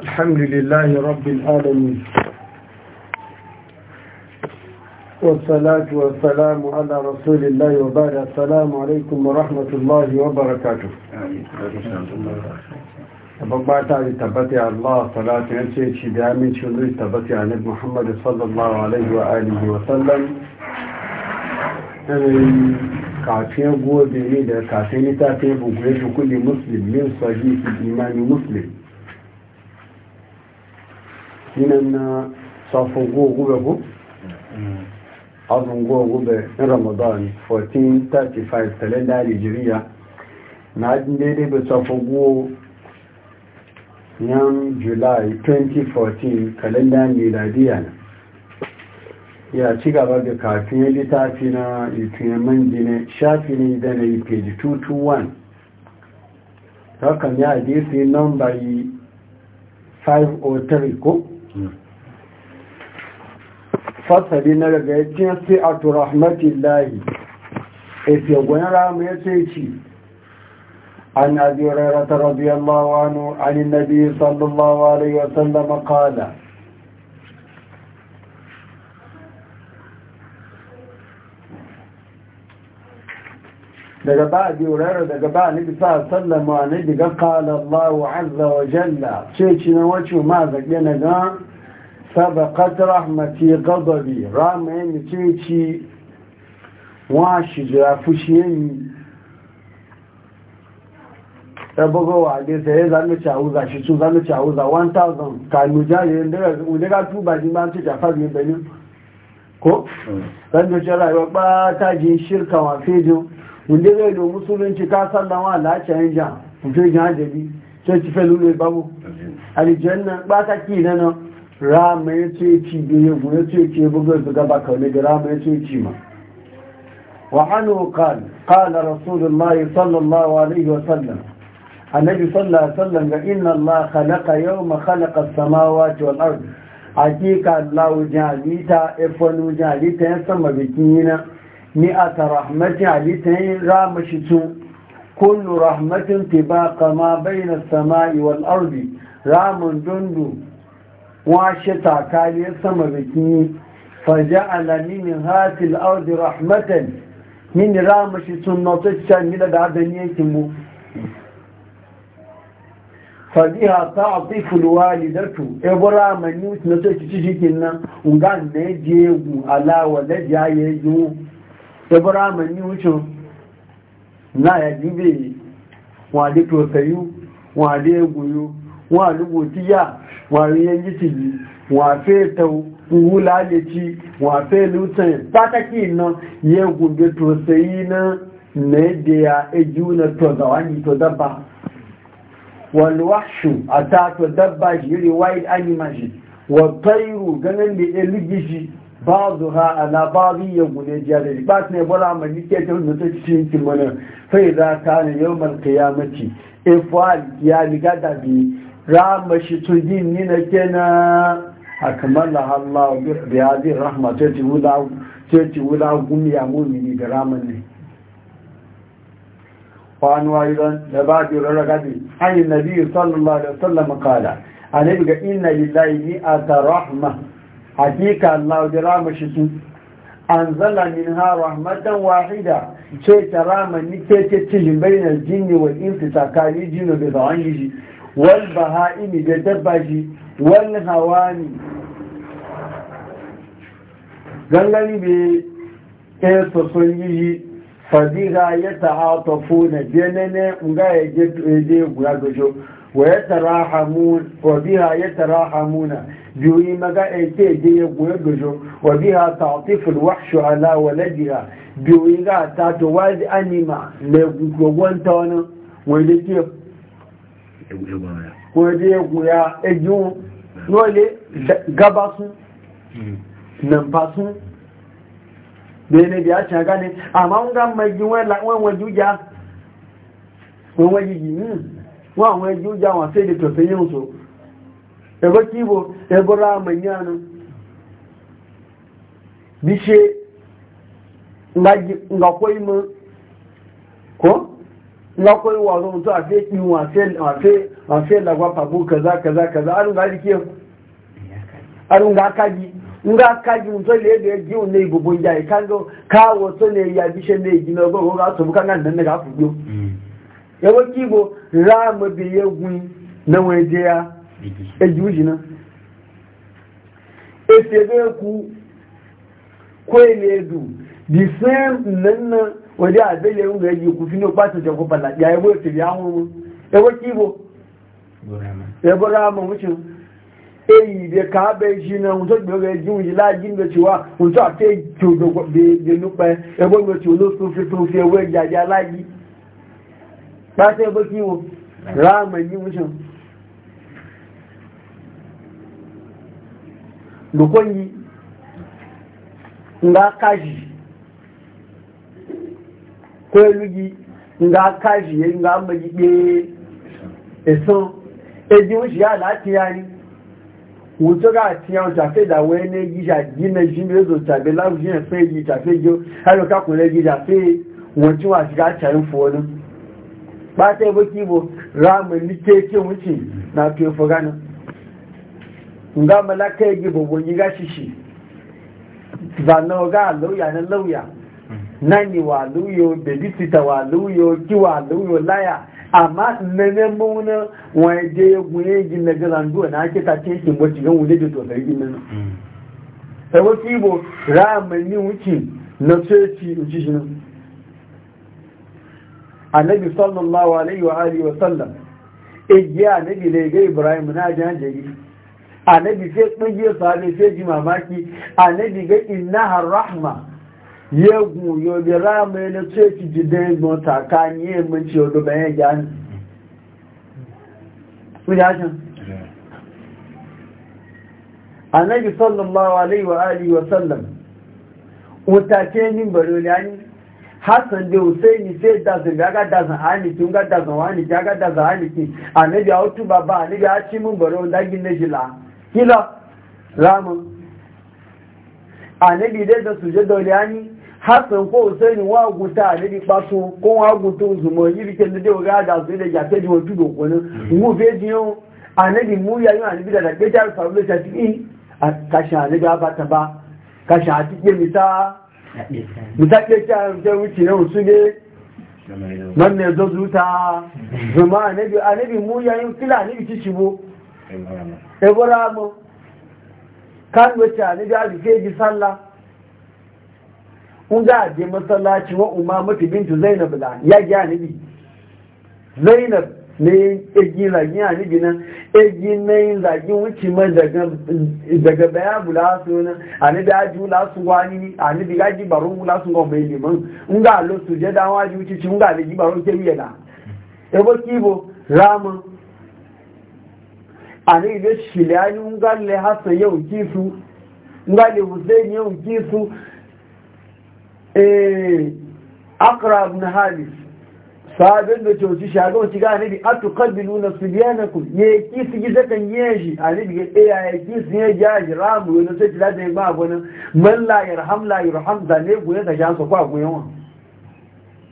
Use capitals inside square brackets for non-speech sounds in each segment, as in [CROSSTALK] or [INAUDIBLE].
الحمد لله رب العالمين والصلاة والسلام على رسول الله وبعد السلام عليكم ورحمة الله وبركاته أبقى تبتي على الله صلاة أنسي شدامي شنري تبتي على محمد صلى الله عليه وآله وسلم كافين قوة بميدة كافين تاتي بقريش كل مسلم من صحيح الإيمان مسلم minan na safin goma ko azun gobe na ramadan 1435 kalenda nigeria na ajin daidai ba safin goma yan july 2014 kalenda miladiya na ya ci gaba da kafin ya littafi na ituyen manjine shafi ne da na yi page 221 rakan ya hadisi nomba 503 ko fasari na daga yakin sai a turahmatin layi efe gwani rama ya ce ci an abi rarata radiyallahu anu an nabi sallallahu alaihi wasallam qala daga ba a biyurarra daga ba a nabi sallama na diga kala Allah azza wa jalla ce ci na wacce ma zaɓe na ga sabakat rahmati gababi rama ya mi ce ci wa shi jira fushi ya yi ya bugo wa ne sai ya zama cawuza shi tun zama cawuza 1000 kanu jayayen daga tuba ji ma ce jafar ne benin ko? Mm. zan da ce rayuwa ba ta ji shirka wa fejin wunde zai lo musulunci ka sallama lafiyan ja mutum ya jabi sai ci felu ne babu alijanna ba ta ki na rama ya ce ci biyu ya ce ci bugu su gaba kawai da rama ya ce ci ma وعنه قال قال رسول الله صلى الله عليه وسلم النبي صلى الله عليه وسلم إن الله خلق يوم خلق السماوات والأرض حقيقة الله ta إفن جعلتا yi na مئة رحمة عليتين رامشتو كل رحمة تباق ما بين السماء والأرض رام جندو واشتا كالي سمبكي فجعل من هات الأرض رحمة من رامشتو نطشا من العدنيتمو fadiha ta atiful walidatu ebora manyut na to ci cikin nan ungan ne ibrahim ni wucin náà jíbe wọn àdé tòsàyú wọn àdé egoyo wọn àdúgbò tíyà wọn àríyẹ jítìlì wọn àfẹ́ tẹ́wọ́ wúlá lè ti wọn àfẹ́ lùtàn pátákì iná yẹ gùnbẹ̀ tòsàyí náà mẹ́ẹ̀dẹ̀ ẹjú na tọ̀zàwájì tó dábà walwashu a ta to dabba shi riwayat animal shi wa tairu ganin da ya ligi shi bazu ha ala babu yin gune jari ba ne bala ma ni ke tun mutu cikin ki mana sai za ka ne yawmal ya riga da bi rama shi ni na kenan A Allah bi hadi rahma ta ci wuda ta ci wuda gum mu'mini da raman ne wa an wa idan da ba ki raragadi ayi nabi sallallahu alaihi wasallam kala annabi ga inna lillahi ni rahma. hakika Allah ya rama shi su anzala minha rahmatan wahida ce ta rama ni ce ce cikin bainal jinni wal insi tsakani jinni da zawan shi wal baha'imi da dabba shi wal hawani gangani be e so son yi fadiga ya ta'atafu na jenene nga ya je je gura ويتراحمون وبها يتراحمون بيوي مغا ايتي دي غوغجو وبها تعطيف الوحش على ولدها بيوي غا تاتو واد انيما لغوغوان تاون ويدي ويدي غويا اجو نولي غباسو نمباسو bene da ya shaga ne amma wani gan mai ji wani wajuja wani wajiji wọ́n àwọn ẹjú jà wọ́n sí èdè tọ̀fẹ́ yóò so ẹgbẹ́ kí ibo ẹgbọ́ra àmànyánu bí ṣe ngakọ́ imọ́ kọ́ ngakọ́ iwọ̀ ọ̀rọ̀ tó àfẹ́ kí wọ́n fẹ́ lagwa pàbó kaza kaza kaza arúgbà àríkí ẹ̀ arúgbà akájí nga kaji mutu da yadda ya jiun ne gubun jayi kan zo kawo su ne ya bishe ne gina gogo ga su bukan nan da ga fujo yawon kibo za mu biye gun na waje ya ejuji na efebe ku kwele edu the same nanna waje a zai yawon ga yaji ku ne kwata jan kuma la ya yabo efebe ya huru yawon kibo yabo rama wucin eyi da ka bai shi na wuto gbe ga yi wuji lajin da cewa wuto a fe kyodo da nukpa yabo ga ciwo lo sun fi sun fi ewe jaja lajin ba sai ba kiwo ramani mutum lukonyi nga kaji ko elugi nga yi nga magi pe eso eji o si ala ti ari wùtọ́ ká àti àwọn ìtàfẹ́dà wọ́n ní gíjà gínà jímẹ́zò tàbí láwùjí ẹ̀fẹ́ yìí tàfẹ́ yìí ayọ̀kákùnrin gíjà fẹ́ afe tí wà sí ká tàrí fún ọdún ba ta yi baki bo ramin likeke wuce na tofu ga malaka yi gbogbo yi ga shishi ba na ga lauya na lauya nani wa lauyo babisita wa lauyo ki wa lauyo laya amma nane mauna wani je ya gunye yi na na ake ta shi bacci gan wule da nan wasu ibo ramin ni wuce na tsoci wuce shi nan annabi sallallahu alaihi wa alihi wa sallam eji annabi ne ga ibrahim na jan jari annabi sai kungiye sahabi sai ji mamaki annabi ga innaha rahma yegun yo bi rahma ne ce ki ta ka ni, e mun ci odo bayan jan ku ya jan annabi sallallahu alaihi wa alihi wa sallam wata ce min barolani hassan da husaini sai dazin ga ga dazin haniki ga dazin haniki ga dazin haniki annabi ya hutu ba ba annabi ya ci mun baro dagin na jila kila ramu annabi dai da suje dauliyani hassan ko husaini wa guta annabi pato ko wa guta zumo yiri ke da ga da su da ya ke jiwo tudo ko ne mu be jiyo annabi mu ya yi annabi da ke ta faru da shi a kashi annabi ba ta ba kasha a cikin misa mutaɗe ta wuce yau su ne ne zo zuta zama anabi anabi mu yayin fila ci mu kan a ji sallah ga masallaci wa umma mutu bintu zainab la ya ji zainab ne egi zagin a nibi nan egi na yin wuce mai daga baya bula su nan a nibi aji wula su wani ni a nibi gaji baron wula su ga mai liman in alo su je dawa ji wuce ci in ga baron ke na ebo kibo rama le sabin da coci shaga wacce ga anabi a tu kalbi nuna su biya na ku ya ki su gizo kan yi shi anabi ya tsaya ya ki su ya ja shi ramu wani sai ci lati ma gwanin man la yarham la yarham da ne gune da shan su kwa gune wa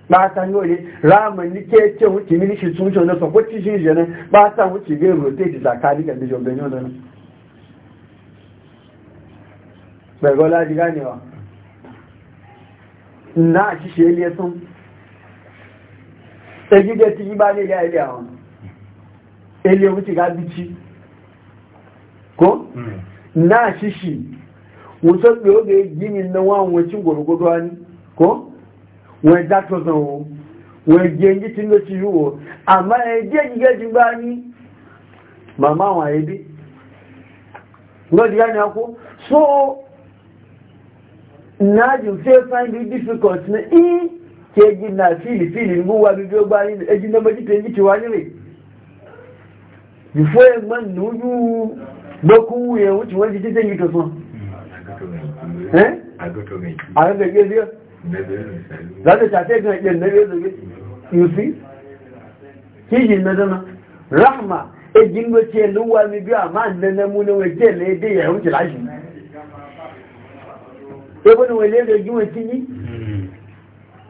ba ta yi wani ramu ni ke ce wuce mini shi sun shon na sa kwacci shi shi ne ba ta wuce bai rote shi tsakani kan da shogun yau nan. Bai gola ji ganewa. Na a shi shi ya liya sun egide ti yí bá ní ilé ilé àwọn ilé ohun ti ga bí tí kó hmm. náà ṣíṣì wọ́n tó pé ó lè yí ni náwó àwọn tí gbòrògbòrò wá ní kó wọ́n ẹ̀dá tó sàn wọ́n wọ́n ẹ̀dí ẹ̀dí tí ló ti rúwọ́ àmá ẹ̀dí ẹ̀dígẹ́ ti bá ní màmá àwọn ẹbí lọ́dìyà ni a kó so náà jù fẹ́ find difficult ní ke na fili fili nguwa bibiyo bani da ejin da majipe ngi tiwani re before yang man nuju boku ye wuti wani tete ngi to son hmm? eh agoto ngi aga ge dia zata ta te yen ne yezo ge you see ki na dana rahma ejin go che mi bi ama nana mu ne we je le de ya wuti laji ebo ni we le de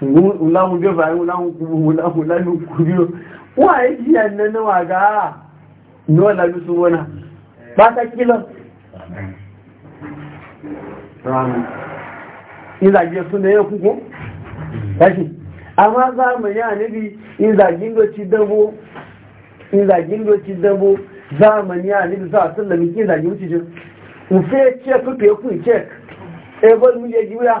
láhùn jọba ẹ̀hùn láhùn kúrò láhùn láhùn kúrò wọ́n àyè jí ẹ̀nà náà àgá ní ọ̀lá ló sún wọ́n náà pátákí lọ ìlàjẹ̀ fún ẹ̀yẹ a ẹ̀ṣì àwọn azáàmìyà níbi ìlàjíngbò ti dánwó ìlàjíngbò ti dánwó záàmìyà níbi cek. kí mu ti e, jẹ́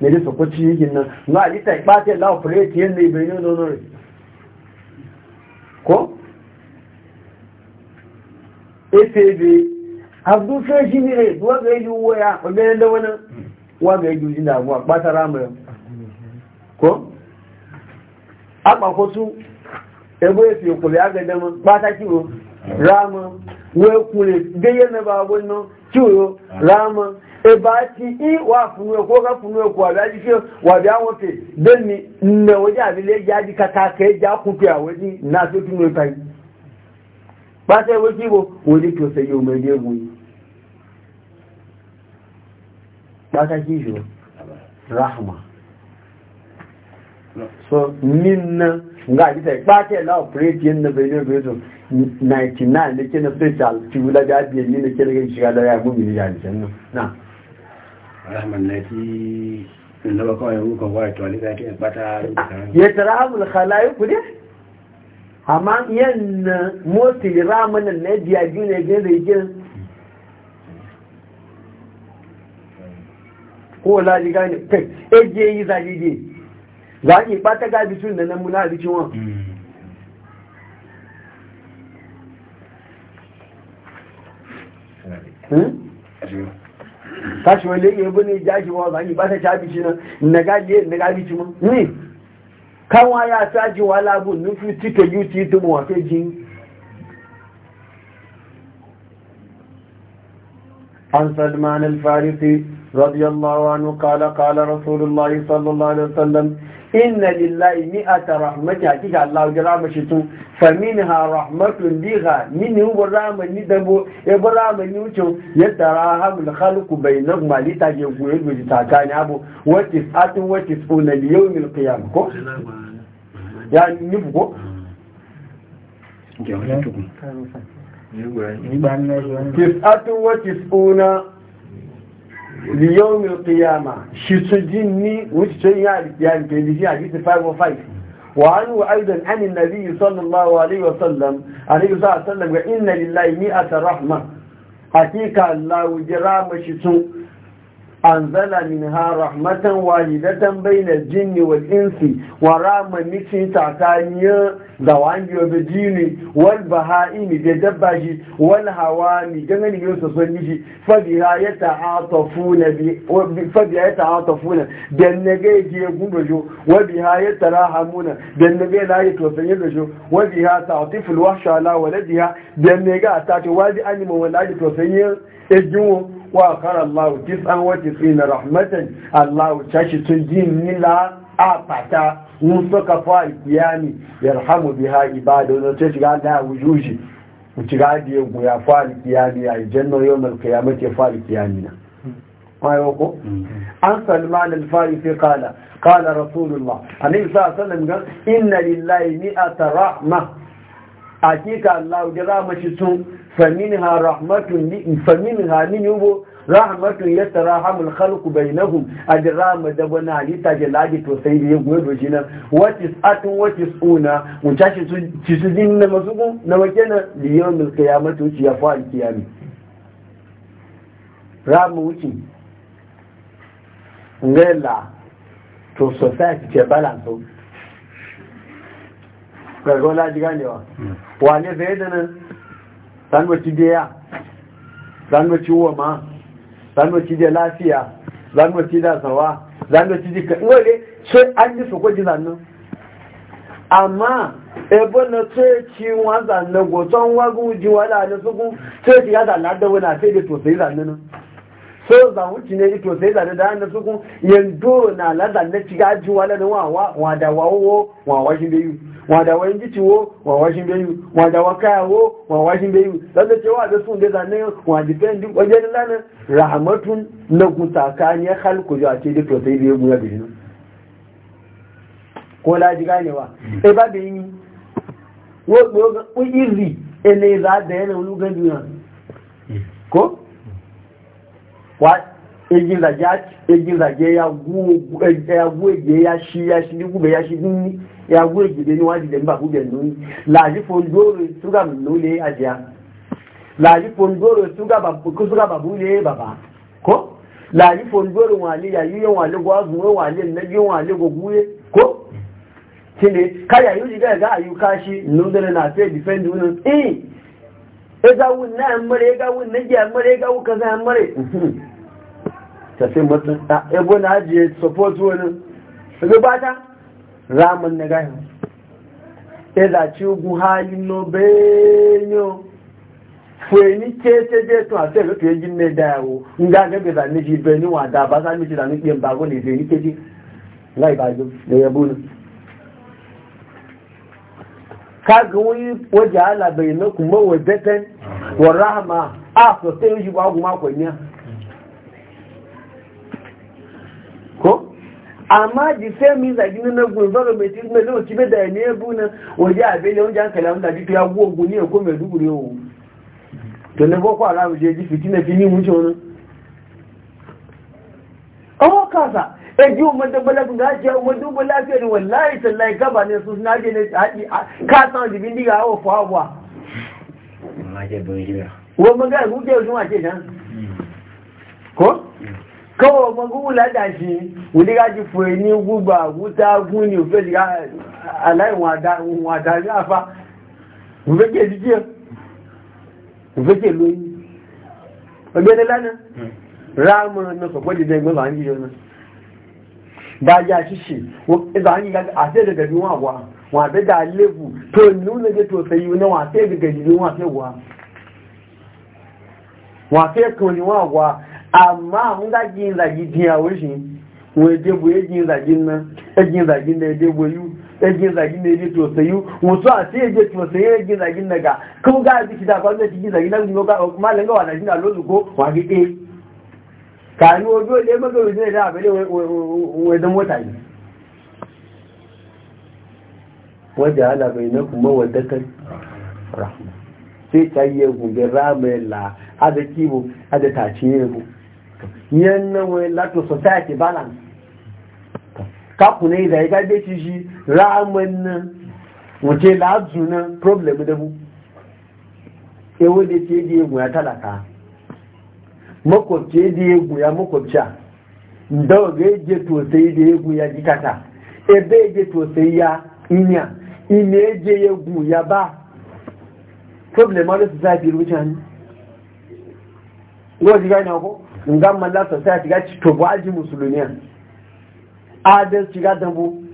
ne da sokoci yigin nan za a lita ɓata la operate yadda ibe da nore ko efebe abdu feshi ne eh ga yi waya ɓangaren da wani wa ga yi jujin damuwa ɓata ramuran ko akpakosu ebe efe kule agadama ɓata kiro ramu wekule gayyana babun nan kiro ramu E ba ti i wa funu e, ko ka funu e, ko wa ji fe wa bi awon fe den ni ne o ja bi le ja di kaka ke ja ku awe na so ti mo pai ba se wo ji bo wo ni to se yo me de wu ba ka ji jo rahma so minna nga ji sai ba ke la operate yin na ne to 99 ne ke na special ti wula da biye ne ke da shiga da ya mu ni ja ni na na rahmannaki in zama kawai rukun waya tuwali za ta yi bata ya tara abul khalayi ku dai amma yan motsi ramanan na biya biyu ne gina da gina ko laji gane kai eje eh, yi zaji je za ki bata ga bisun da nan muna bikin wa Hmm? hmm? sashi wani ya bu ne jaji wa zani ba ta ci abici nan na gaji na gabici mu ni kanwa ya saji wa labu nufi tike yuti tu mu wafe jin عن سلمان الفارسي رضي الله عنه قال قال رسول الله صلى الله inna lillahi mi'ata rahmati hakika Allah ya rama shi tun fa minha rahmatun biha min huwa ramani dabo e ramani wucin yadda rahamul khalqu bainakum li ta je ta kani abu what is at what is the yawm al qiyam ko ya ni bu ko tis'atun wa tis'una liyon mil qiyama shi su jinni wuce sun yi alkiyar kebisi a 505 wa hannu aidan anin nabi sallallahu alaihi wasallam a nabi sallallahu alaihi wasallam ga inna lillahi mi'ata rahma hakika Allah wujira mashi anzala minha rahmatan wahidatan na jinni wal insi wa rama mixin tsakaniya da wangiyo da jini wal baha'imi da dabba shi wal hawami dangane yau su sun gishi fabiha ya ta'atafuna fabiha ya ta'atafuna dan nage je gundo jo wa biha ya tarahamuna dan nage la ya tosan yadda jo wa biha ta'atiful wahsha la waladiha dan nage ta ce ta wadi wa wala ya tosan yadda وقال الله تسعة وتسعين رحمة الله تشي تجين نلا أعطاك فائد فايتياني يرحم بها إبادة ونتشي قال لها وجوجي وتقعد يوم يا فالك يعني جنة يوم القيامة يا فائد يعني ما يوقو عن سلمان الفارسي قال قال رسول الله عليه الصلاة والسلام قال إن لله مئة رحمة hakika Allah ya rama shi sun faminha rahmatun li faminha min yubo rahmatun yatarahamul khalqu bainahum ajrama da bana halita je ladi to sai ya yego do jina what is at what is una mun tashi su ci su din na masuku na wakena li yawmil qiyamati ci ya fa alkiyami ramu wuci ngela to society ke balance ƙarƙon laji ganewa wane zai da nan zanwaci daya zanwaci wama sanwaci da lafiya sanwaci da zawa zanwaci jika wale sai an yi ji zannan amma ebe na tsoci wa zannan goton wagun ji wala ku sukun tsoci ya zanna da wani sai da tosai zannan so zanwuci ne ito sai zannan da hannun ku yanzu na na ci gaji wala na wawa wadawawo wawa shi da yi wadawa yin giciwo wa washin bayu wadawa kayawo wa washin bayu sanda cewa da sun da zane wa dipendin wajen lana rahmatun na gutaka ne halku ya ce duk sai biye guya da shi ko laji ganewa hmm. e ba da yini wo go ko izi ele za da yana lugan na hmm. ko wa egin da ya egin da ya gu e, e ya gu e ya shi ya shi ni gu ya shi ni ya gwe gide ni wadi da mbaku be nuni laji fondoro suga nule ajiya laji fondoro suga babu suga e babu ne ko laji fondoro wali ya yiyan wali gwa zuwa wali na yiyan wali go guye ko tinde kaya yuji ga ga ayu kashi nundere na fe defend unun eh e ga wun e e [LAUGHS] na mare ga wun na ga mare ga wun kaza mare ta sai mutun e bona ajiye support wani ramin na e gaya ya zaci ogun halin nobenyo fweni kete beto ase lo tuye nga ga be ba ni ji be ni wa da ba sa mi ji da ni pe mba go ni ze ni keji nga jo le ya ka go yi ala be no ku mo we wa rahma a so te ji ba go ma ko amma the same means a gini na environment is na lokaci bai da ne bu na waje a bai launji hankali wanda jifi ya guwa guni ya kome ne wu, to na boko alamu je fiti tina fi mun wuce wani awa kasa e ji umar da bala kuma ake umar dubu lafiya ne wallahi tallahi gaba ne su suna je ne haɗi ka san jibin diga awa fawa wa mun ga gujewa shi ma ke jan ko kọ́wọ́ ọgbọ́gbọ́gbọ́ ládàṣí onígájú fún ẹ ní gbogbo àwúta gún ní òfẹ́ ìgbà aláìwọ̀n àdáyé àfá òfẹ́kẹ́ díjẹ́ òfẹ́kẹ́ lóyìn ọgbẹ́ni lánàá ráàmù ọ̀nà sọ̀pọ̀ dídẹ́ ẹgbẹ́ bá ń yíyọ náà dájá ṣíṣe ìgbà ń yíyá àti bí wọ́n àwọ̀ wọn àbẹ́dà lẹ́bù tó ìlú lẹ́gẹ̀ tó fẹ́ yìí náà àti ẹ̀dẹ̀gẹ̀ amma nga ga jin zagi biya wushin wai debo ya jin zagin nan ya jin zagin da ya debo yu ya jin na da ya je tosayu wasu a sai ya je tosayu ya jin zagin na ga kan ga ji da ba zai jin zagin nan ga malan ga wani na lozu ko wa ga eh ka ni ojo le ma ga wani da abele wai da mota ne wajen ala bai na kuma wadda kan rahama sai ta yi ya gube ramela a da kibo a da ya gube yan nan wai society balance kaku ne da ya be ci shi ra'aman nan wace lazu nan problem da mu ewo da ce da egwu ya talaka makwabci da egwu ya makwabca dawa ga eje tosai da egwu ya jikata ebe eje tosai ya inya ina eje egwu ya ba problem ma da society rubuta ne Gwaji gane ko? nga malla society ga to gwaji musulmiya adalci shiga dambu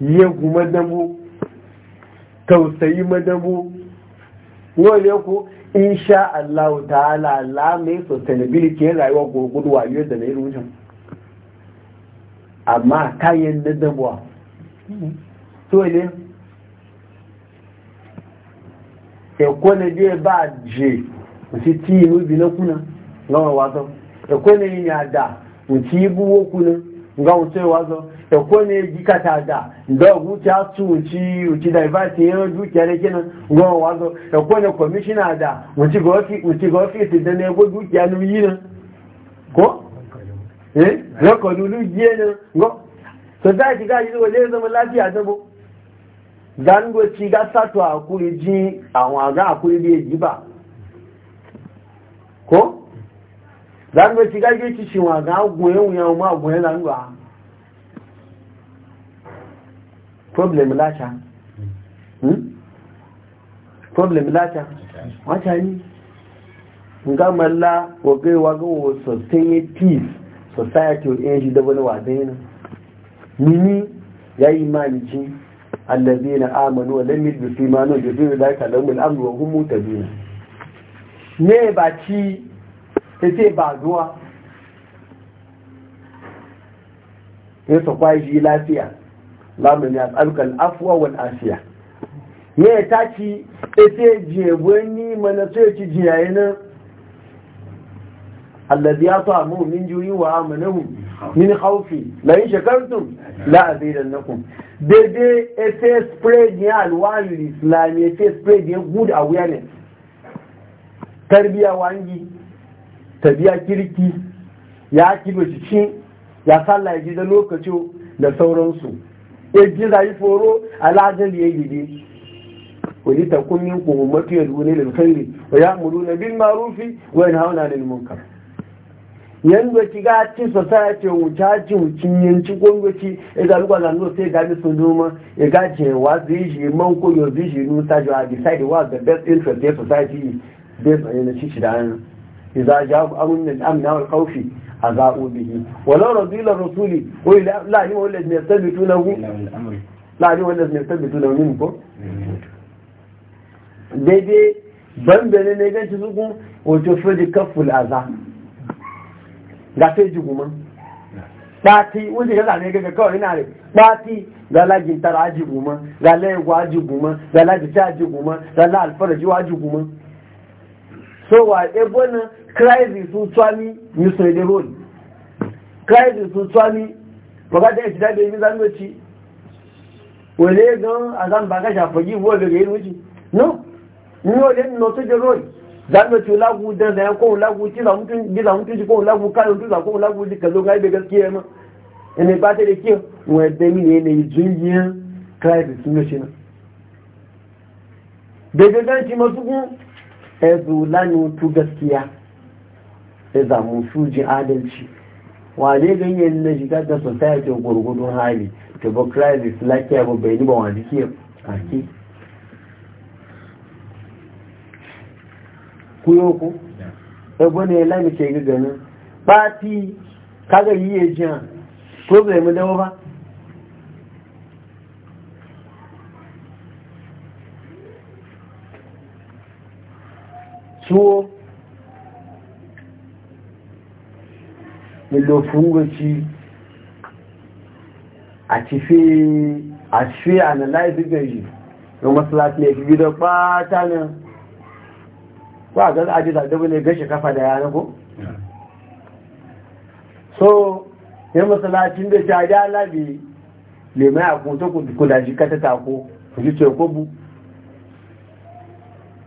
yegu madambu tausayi madambu wani ku insha Allah ta'ala Allah mai sustainability ya rayuwa gurgudu wayo da na yi rujin amma kayan na dabuwa so ne ẹ̀kọ́ e na bí ẹ bá jẹ́ òsì tí inú ibi náà ngawa wazo ekwene ni ada nti uchibu okuna ngawo tse wazo ekwene jikata da ndo guti atu uchi uchi divert yo duki ale kina ngawa wazo ekwene commissioner da uchi gofi uchi gofi tidene ego duki anu yina ko eh record ulu yena ngo so da ki ga yiwo le zama lafiya dabo dan go ci ga satu akuri ji àwọn aga akuri bi ejiba ko zango ci gage ci shi wa ga goyen ya ma goyen nan a problem hmm problem lata wata ni nga malla wa gai wa ga wo peace society of age da wani wadai na mini yayi ji allazina amanu wa lam yalbisu imanuhum bi dhikri dhalika lahum al-amru wa hum mutabina ne ba ci sai ba zuwa ya su yi lafiya lamun ya tsarkar afuwa wa asiya ya yi taci ita jebon ni mana so ya ci jiyayi nan allazi ya ta mu min juyi wa amanahu min haufi la in shakartum la nakun daidai ita spread ya alwayu islami ita spread ya good awareness tarbiya wangi tabiya kirki ya kibe shi ya sallah ya gida lokaci da sauransu ya ji zai foro alajin da ya gidi wani takunin min ku ummatu ya dune lil khairi wa na bin ma'rufi wa hauna da limonka yanzu ki ga ci ce wuce ci wucin yanci gongoci ya ga lugwa zan sai ga su sun noma ya ga je wa zai shi man koyo zai shi nuna. ta jo decide what the best interest of society based on yana ci shi da إذا جاء أمر من الأمن أو الخوف أذاؤوا به ولو رضي الرسول لا هو الذين يرتبطونه لا هو الذين يرتبطونه منكم ban bambane ne gan ci wato fadi kaful aza ga sai ji guma ɗati wanda ga zane ga kawai ina ne ɗati ga lagin tara aji guma ga laigwa aji guma ga lagin ta aji guma ga la alfaraji aji guma so wa ebonin crisis sun tsami misali da role crisis sun tsami bukata ya ci dabe yi zangoci wale gan a zan ba ka shafa yi buwa daga yin wuce no ni wale no to da role zangoci lagu dan da ya ko la lagu ci za mutun gida mutun ko lagu kan tu za ko la lagu di kazo ga be gaskiya ma ene ba ta da ke wa da mi ne ne jinjin crisis sun ce na daga gan ci masu ku ezu lanu tu gaskiya sai zamun shujin adalci wane ganyen na shiga da society gurgudun hali to ba crisis lafiya ba bai ba wani ke aki. kuyo ku ebe ne lami ke gaganin ba fi kaga yi ya an problemu dawa ba tuwo ilofungoci a cife a cife a na laifi gari don masalasi ne fi gidan bata nan ko a gaza aji zaɗaɓa ne gashi kafa da yana ko? so ya masalacin da a ta ja labi lemai a kuta kudaji kata tako kuji ce kobu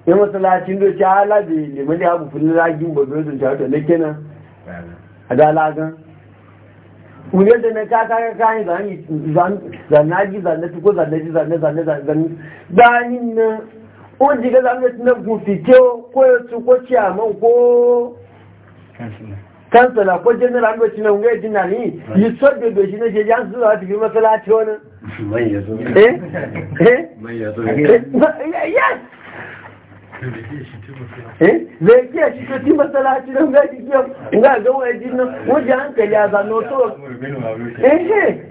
yin masalacin da ta labi lemai da abu fulani ragin babbar da jihar da na kenan agalagan wuyar da na kaka kayan zanaji zanaji ko zanaji zanaji zanaji zanaji bayanin nan on jiga zanaji na gufike ko yasu ko ciyaman ko kansala ko general mace na wuyar jina ne yi sobe da shi na jeji an zuwa tafi masalaci wani eh eh yes zai iya shi ta ci masalaci don gaji kiyar ga ga wajen nan wajen hankali a zanoto ehe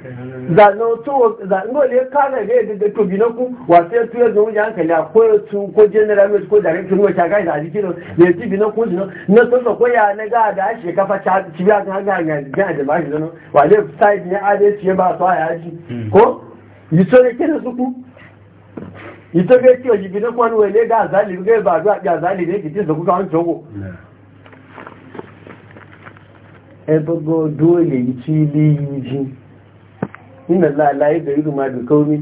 zanoto zangon ne kala ne da to bi wasu ya tuya ga wajen hankali a ko su ko general west ko director west a gaji a jikin ne ci bi na ku na sun sa koya na ga da ashe kafa ci biya kan haka ga gina da bashi zanen wa zai side ne adalci ya ba su a yaji ko yi so ne su ku ìtọ́gbé tí òjì fi nípọ̀ níwẹ̀ lé gáàzálì ní gẹ́gbà àdúrà da àzálì ní ìkìtì ìsọ̀kúta ń ṣòwò ẹgbogbo dóòlè tí ilé yìí jí nínà láàláyé gẹ̀rẹ́ ìrù máa dùkọ́ omi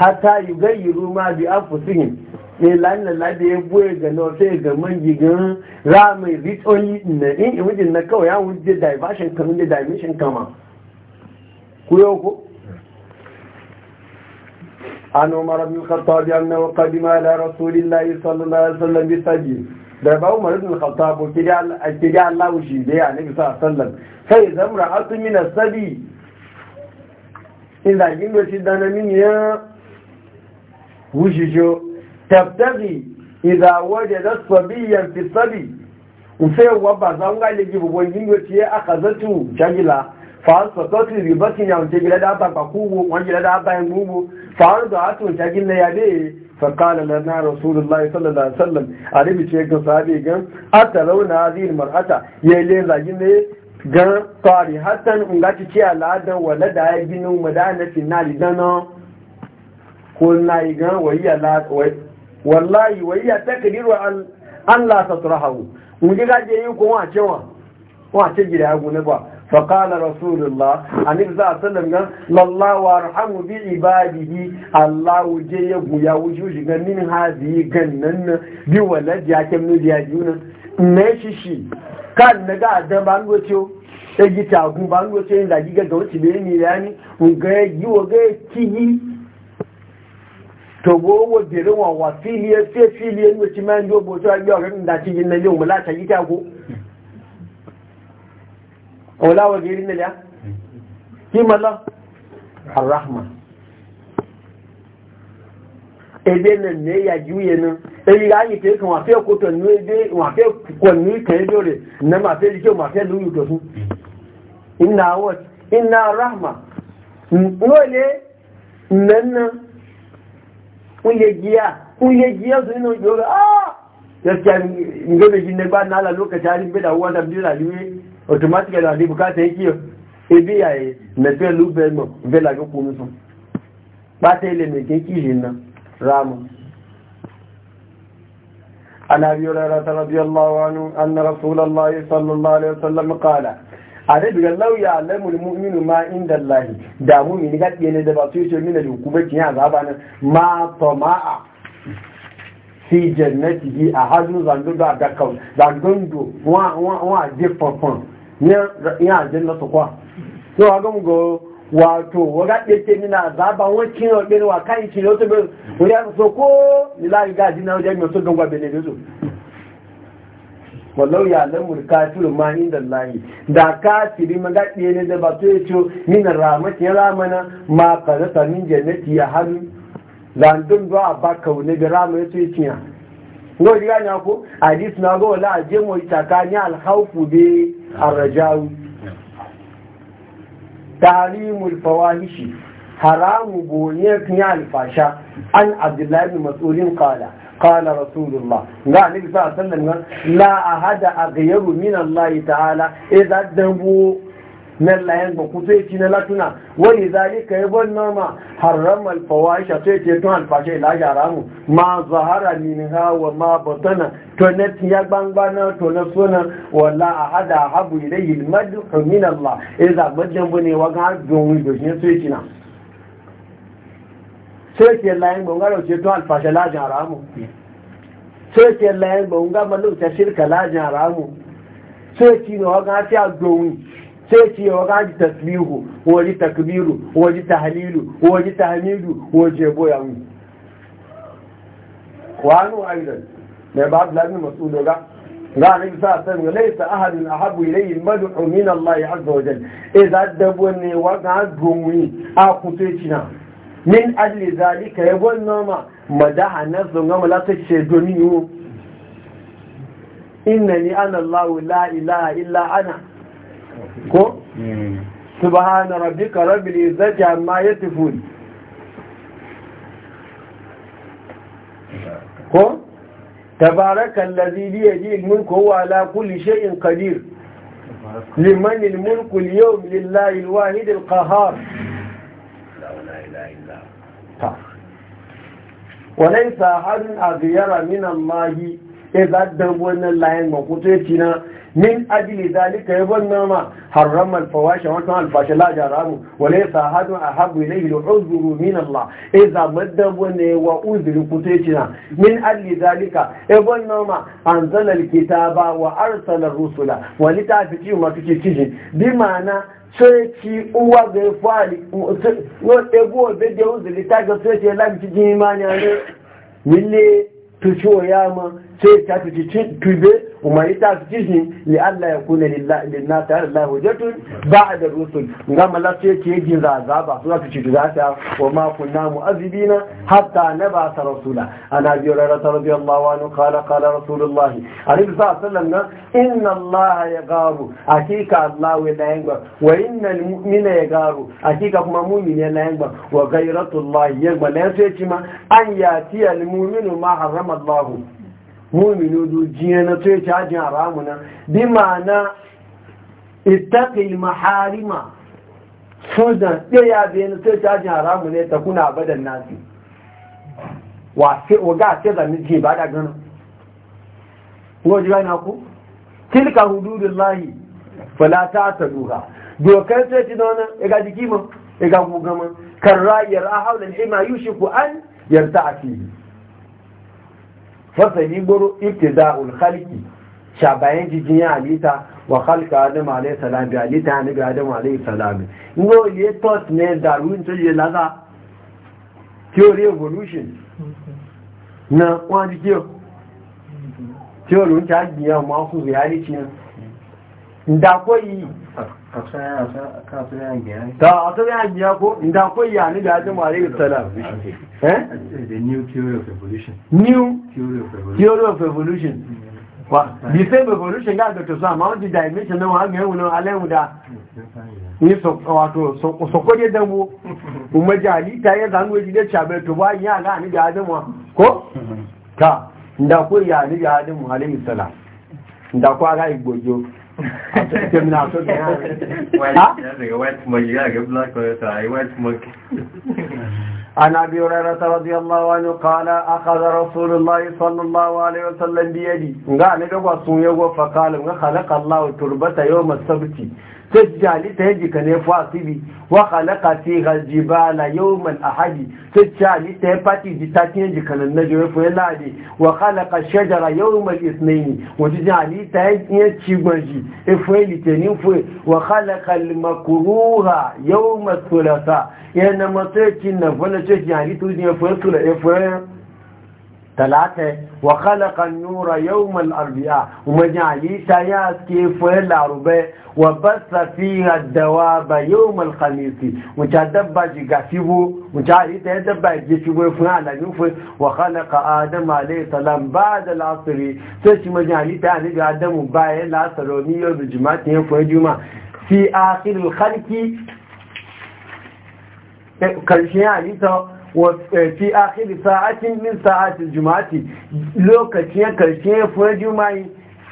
hátá ìgbẹ́ ìrù máa di áfòsíhìn ní lánàá láti egbó ẹ̀gẹ̀ náà fẹ́ ẹ̀gẹ̀ mọ́ yìí gan ráàmù ìrítọ́yì nà ní ìwé jìnnà kọ́wọ̀ yáwọn jẹ́ diversion kan ní diversion kan mà kúyọ́kọ́ عن عمر بن الخطاب أنه قدم على رسول الله صلى الله عليه وسلم بالسجن daga umar ibn khattab ko kija Allah shi da ya nabi sallallahu alaihi wasallam sai zamra atu min asabi inda gindo shi dana min ya wujijo tabtagi idza wajada sabiyan fi sabi ufe za nga le gibu bon gindo shi ya akazatu jagila fa asfatu ribati ya unte gila da ba da faru da hatu ta gina ya ne fakala na na rasulullahi sallallahu alaihi sallam, a ribi ce ga sahabi gan ata rauna azin mar'ata ya ile zagi ne ga fari hatan in ga ci ciya ladan wala da ya gina madana fi na ri dana ko na yi gan wayya la wallahi wayya an Allah satrahu mun ga je yi ko wa ce gida ya gune ba فقال رسول الله عن إبزاء سلم لله وارحم بعباده الله جيب يا وجوج من هذه جنن بولد يا كم نجاجون نششي كان نجا دم بانوتيو egi ta gun ba ngo se nda giga do ti be ni yani nga to wo wo de ro wa wa filie filie ni ti man jo bo so ajo da ti ni le o la ta yi ta ko ola wa gari na liya himala arrahma ebe na ne ya juye nan eyi ga yi pe kan wa fe ko to nu ebe wa fe ko ni kan ebe re na ma fe je ma fe lu yu to fun inna wa inna rahma ngole nan unye giya unye giya su ino jora ah gaskiya ngebe jinne ba na la lokaci halin da wanda bila liwe automatically àti bukata yake ebi yaye mẹ́fẹ́ ló bẹ́ mọ̀ bẹ́ lágbó kú mi fún pátá ilẹ̀ mẹ́kẹ́ kí yìí na ráàmù عن أبي هريرة رضي الله عنه أن رسول الله صلى الله عليه da قال أريد أن لو يعلم المؤمن ما عند الله دامو من قد يندبطيش من الحكومة يعني ما طمع fi jannati bi a hajjun zandondo a dakau zandondo wọn a di fanfan ya aljanna su kwa so a gamu ga wato waga ɗake nina zaba wancin yau ɗin wa kan shi yau tabi wani aka so ko nilari gaji na wajen mai so don gwabe ne da su wallau ya lamur kafiru ma inda layi da kafiri magaɗe ne da ba so ya ce min ramati ya ramana ma karasa min jannati ya hannu zandun ba ba kaune bi rama ya so ya ciya ngo diga nya ko disu na go la je mu itaka ni al khawfu bi الرجاوي تعليم الفواحش حرام بونيك يعني فاشا عن عبد الله بن مسعود قال قال رسول الله قال النبي صلى الله عليه وسلم لا أحد أغير من الله تعالى إذا الدبو na layan ba ku sai ci na latuna wani zari ka yi bon nama haram alfawaisha sai ce tun alfashe la yara mu ma zahara min hawa ma batana to na ya gbangba na to na suna wala a hada habu ilayhi madu min Allah eh za bajjan ne wa ga don wi do sai ci na sai ce layan gongaro ce tun alfashe la yara mu sai ce layan gongaro ma lu ta shirka la yara mu sai ci no wa ga ta don wi sai ce wa gaji tasbihu waje takbiru waje tahlilu waje tahmidu waje boyan wani aidan mai ba da lazim masu ga ga ne sa san laysa ahadun ahabu ilayhi mad'u min Allah ya azza wa jalla idza eh, dabu ne wa ga gumi a cina. min ajli zalika yabon ma madaha nasu ngama la ta ce domin yo innani ana Allah la ilaha illa ana ko subhana rabbika rabbil izzati amma yasifun ko tabarakal ladhi bi yadihi al-mulku huwa ala kulli shay'in qadir liman al-mulku al-yawm lillahi al-wahid al-qahhar وليس أحد أغير من الله إذا وانا لاين مقوطي من أجل ذلك يبن نعم، ما حرم الفواشة وانتنا الفاشة لا جرامه وليس أحد أحب إليه لعذر من الله إذا مدب وانا وعذر مقوطي من أجل ذلك يبن نعم، ما أنزل الكتاب وأرسل الرسل ولتعفتي وما تشي تشي بمعنى sẹ́ẹ̀kì owó agbẹ̀ fún àlè wọ́n ẹgbọ́n ọ̀bẹ́jẹ́ òǹzẹ̀lẹ̀ tájọ sẹ́ẹ̀kì ẹ̀láìmìtì ciwo yama sai ta tuci tube umarni ta su kishi li Allah ya kuna lillah ta Allah hujjatun ba da rusul ga malaka yake yake zaza ba su zaka ci za ta wa ma kunna mu'azzibina hatta ba ta rasula ana bi rarata radiyallahu anhu qala qala rasulullahi alaihi sallam na inna Allah ya garu hakika Allah ya layanga wa innal mu'mina ya garu hakika kuma mu'min ya layanga wa ghayratullahi ya malaysa ma an yati al mu'minu ma harrama Allah mumini dujiya na sai cajin haramu na bi ma'ana ittaqil maharima sojan ɗaya biyu na sai cajin haramu ta kuna abadan nasi ga ce zami ji ba da gano ji gana ku tilka hududun lahi falata ta duha dokar sai ci zaune ya ga jiki ma ya e ga gugama kan rayar ahaulin hima yushiku an yarta a fili fasali goro ibtida'ul khalqi shabayin jijin ya alita wa khalqa adam alayhi salam bi alita ni ga adam alayhi salam ngo ile thought ne darwin to je laza theory evolution na kwa di kio theory un ta gbiya ma ku reality nda ko yi ta a tsari a biya ko da kwai ya ni da ajin mare salam [LAUGHS] eh? the new theory of evolution new theory of evolution the same evolution ga dr sam ma wani dimension na wani yawon na alayyar da ni wato sokko [LAUGHS] ne damu kuma jalita ya zanu wajen da cabe to ba yi ala ni da ajin wa ko ta [LAUGHS] da kwai ya ni da ajin mare salam da kwa ga igbojo Terminator عن أبي هريرة رضي الله عنه قال أخذ رسول الله صلى الله عليه وسلم بيدي قال لك وصوم يوم فقال خلق الله تربة يوم السبت تجعل تهجك نفوا سيبي وخلق فيها الجبال يوم الأحد تجعل تهباتي جتاتين جكنا النجوة فلالي وخلق الشجر يوم الاثنين وتجعل تهجين تشيبانجي إفوالي تنفوي وخلق المكروه يوم الثلاثة يعني ما تجعل نفونا تجعل تهجين فوالي talata wa khalaqan nura yawm al-arbi'a wa ja'alisa yaski fa larube wa bassa fiha ad-dawaba yawm al-khamis wa tadabba wa tadabba wa khalaqa adam alayhi salam al-asr sai adam yau da jima'a ne fa juma fi akhir al-khalqi karshen halitta fi akhiri sa'atin min sa'atil juma'ati lokacin karshe fuwa juma'i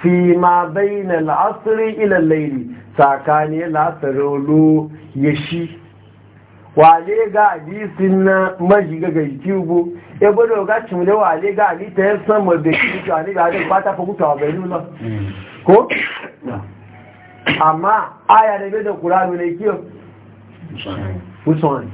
fi ma bayna al-asr ila al-layl sakani al-asr wale ga hadisin na majiga ga yutubu e bodo ga chimle wale ga ali ta sama da shi to ani ga da fata fa kuta ko amma aya da da qur'ani ne kiyo usani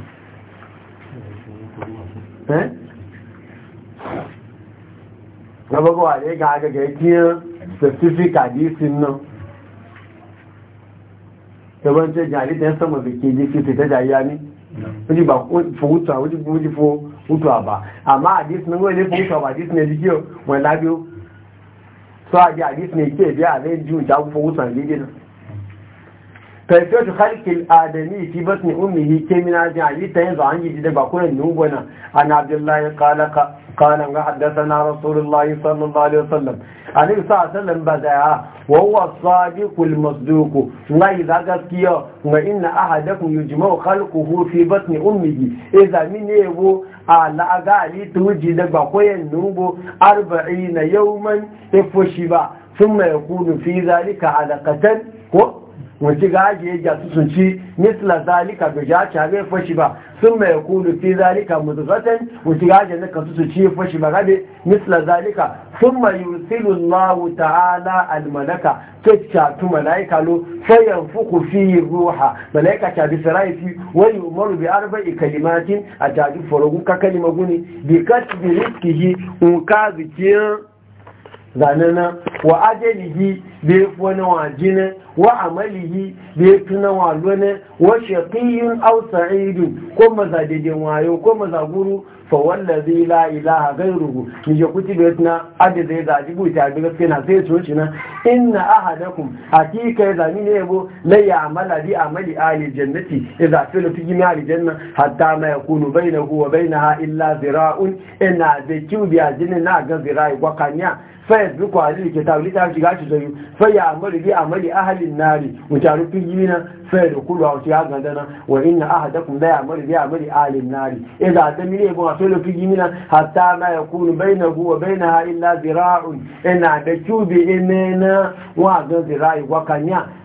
na bagawa ne ga agaga ya kiyar specific hadisin nan saban ce jari ta sama da bikin jiki ta jariya ne wani ba fuhuta wani buji fuhuta ba amma hadis nan wani fuhuta ba hadis ne jikiyo wani labiyo so a ji hadis ne ke biya a zai ji wuta fuhuta ne jikiyo فيكتو خلق الآدمي في بطن أمه كمن عزي عزي تينزو عن جديد بقول النوبنا عن عبد الله قال قال قال حدثنا رسول الله صلى الله عليه وسلم عليه الصلاة والسلام بدأ وهو الصادق المصدوق ما إذا قد كيا وإن أحدكم يجمع خلقه في بطن أمه إذا من يبو على أغالي توجد بقول النوب أربعين يوما إفوشبا ثم يكون في ذلك علاقة وقال wace ga ajiye ya su sun ci misla zalika ga ja ci fashi ba sun mai kunu fi zalika zaten wace ga ajiye sun ci fashi ba gabe nisla zalika sun mai yusilu Allah ta'ala almalaka tacca tu malaika lo fayan fuku fi ruha malaika ta bi sarai fi wa yumaru bi arba'i kalimatin a tajin farogun ka kalima guni bi kasbi un zanana wa ajalihi bai wani wa jini wa amalihi bai tuna wa lona wa shaqiyun aw sa'idun ko maza daidai wayo ko maza guru fa wallazi la ilaha ghayruhu ki kuti bai tuna ade zai zaji ta daga sai na sai so shi na inna ahadakum hakika ya ne yabo la amala bi amali ahli jannati idza fil fi jami'al janna hatta ma yakunu bainahu wa bainaha illa zira'un ina da kiu bi ajinin na ga zira'i gwakanya fayas bi da ke tabi ta shiga shi zai faya amali bi amali ahalin nari mutaru fiyina fayar da kullu hauti ya ganda na wa inna ahadakum la ya'malu bi amali ahalin nari idza adami ne ba to lo fiyina hatta ma yakunu baina wa bainaha illa zira'un ina da kubi inena wa ga zira'i wakanya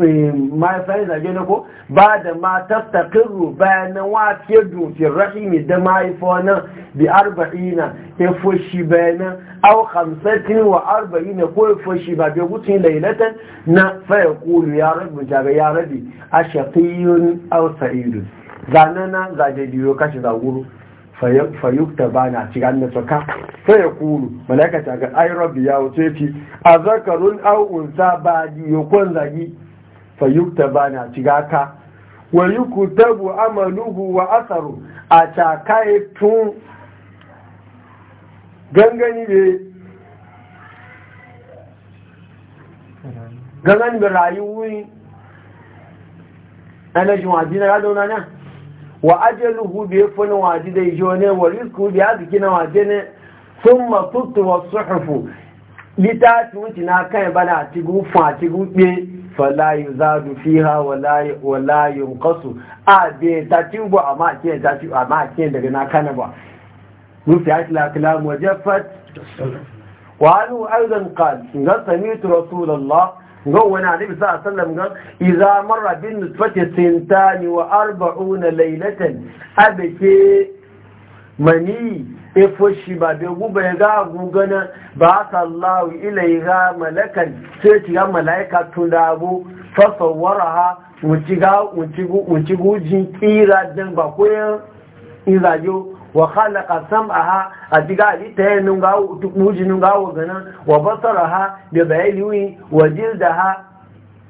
Eh, mahaifar zage na ko ba da ma tattakiru bayan wace dutse rahimi da mahaifa nan bi na ya fushi bayan bayanan au hamsatin wa na ko ya fushi ba bai gutun lailatan na faya kulu ya rabu jaga ya rabi a shafiyun au sa'idu zanana zage biyo kashi zaguru fayyukta ba na ci ganin tsaka sai ya kulu malaka ta ga ayyar rabbi ya wuce ki a zakarun au'unsa ba ji yokon zagi fayyukta ba na ka wani ku tabu amaluhu wa asaru a cakaye tun gangani ne gangani da rayuwi ana shi wajen na radon nan wa ajaluhu bi yafuna waji da ijo ne wa rizku bi azki na waje ne thumma tuttu wasuhufu litatu wuce na kai bana tigu fa tigu be fala yi za su fi ha wala yi kasu a bai tafi ba a makiyar tafi a makiyar daga na kane ba rufi ya kila kila mujafat wa hannu arzan kan ga sami rasulullah ga wani alibi sa sallam ga iza mara bin nutfati sinta ne wa arba'una lailatan a bai mani efo shi ba da guba ya ga gugana ba ta Allah ilai ga malakan sai ci ga malaika tun da abu fasawara ha wuci ga wuci gujin kira dan ba koyan irajo wa khalaqa sam'aha adiga ali tayin ga gujin ga gana wa basaraha bi bayliwi wa jildaha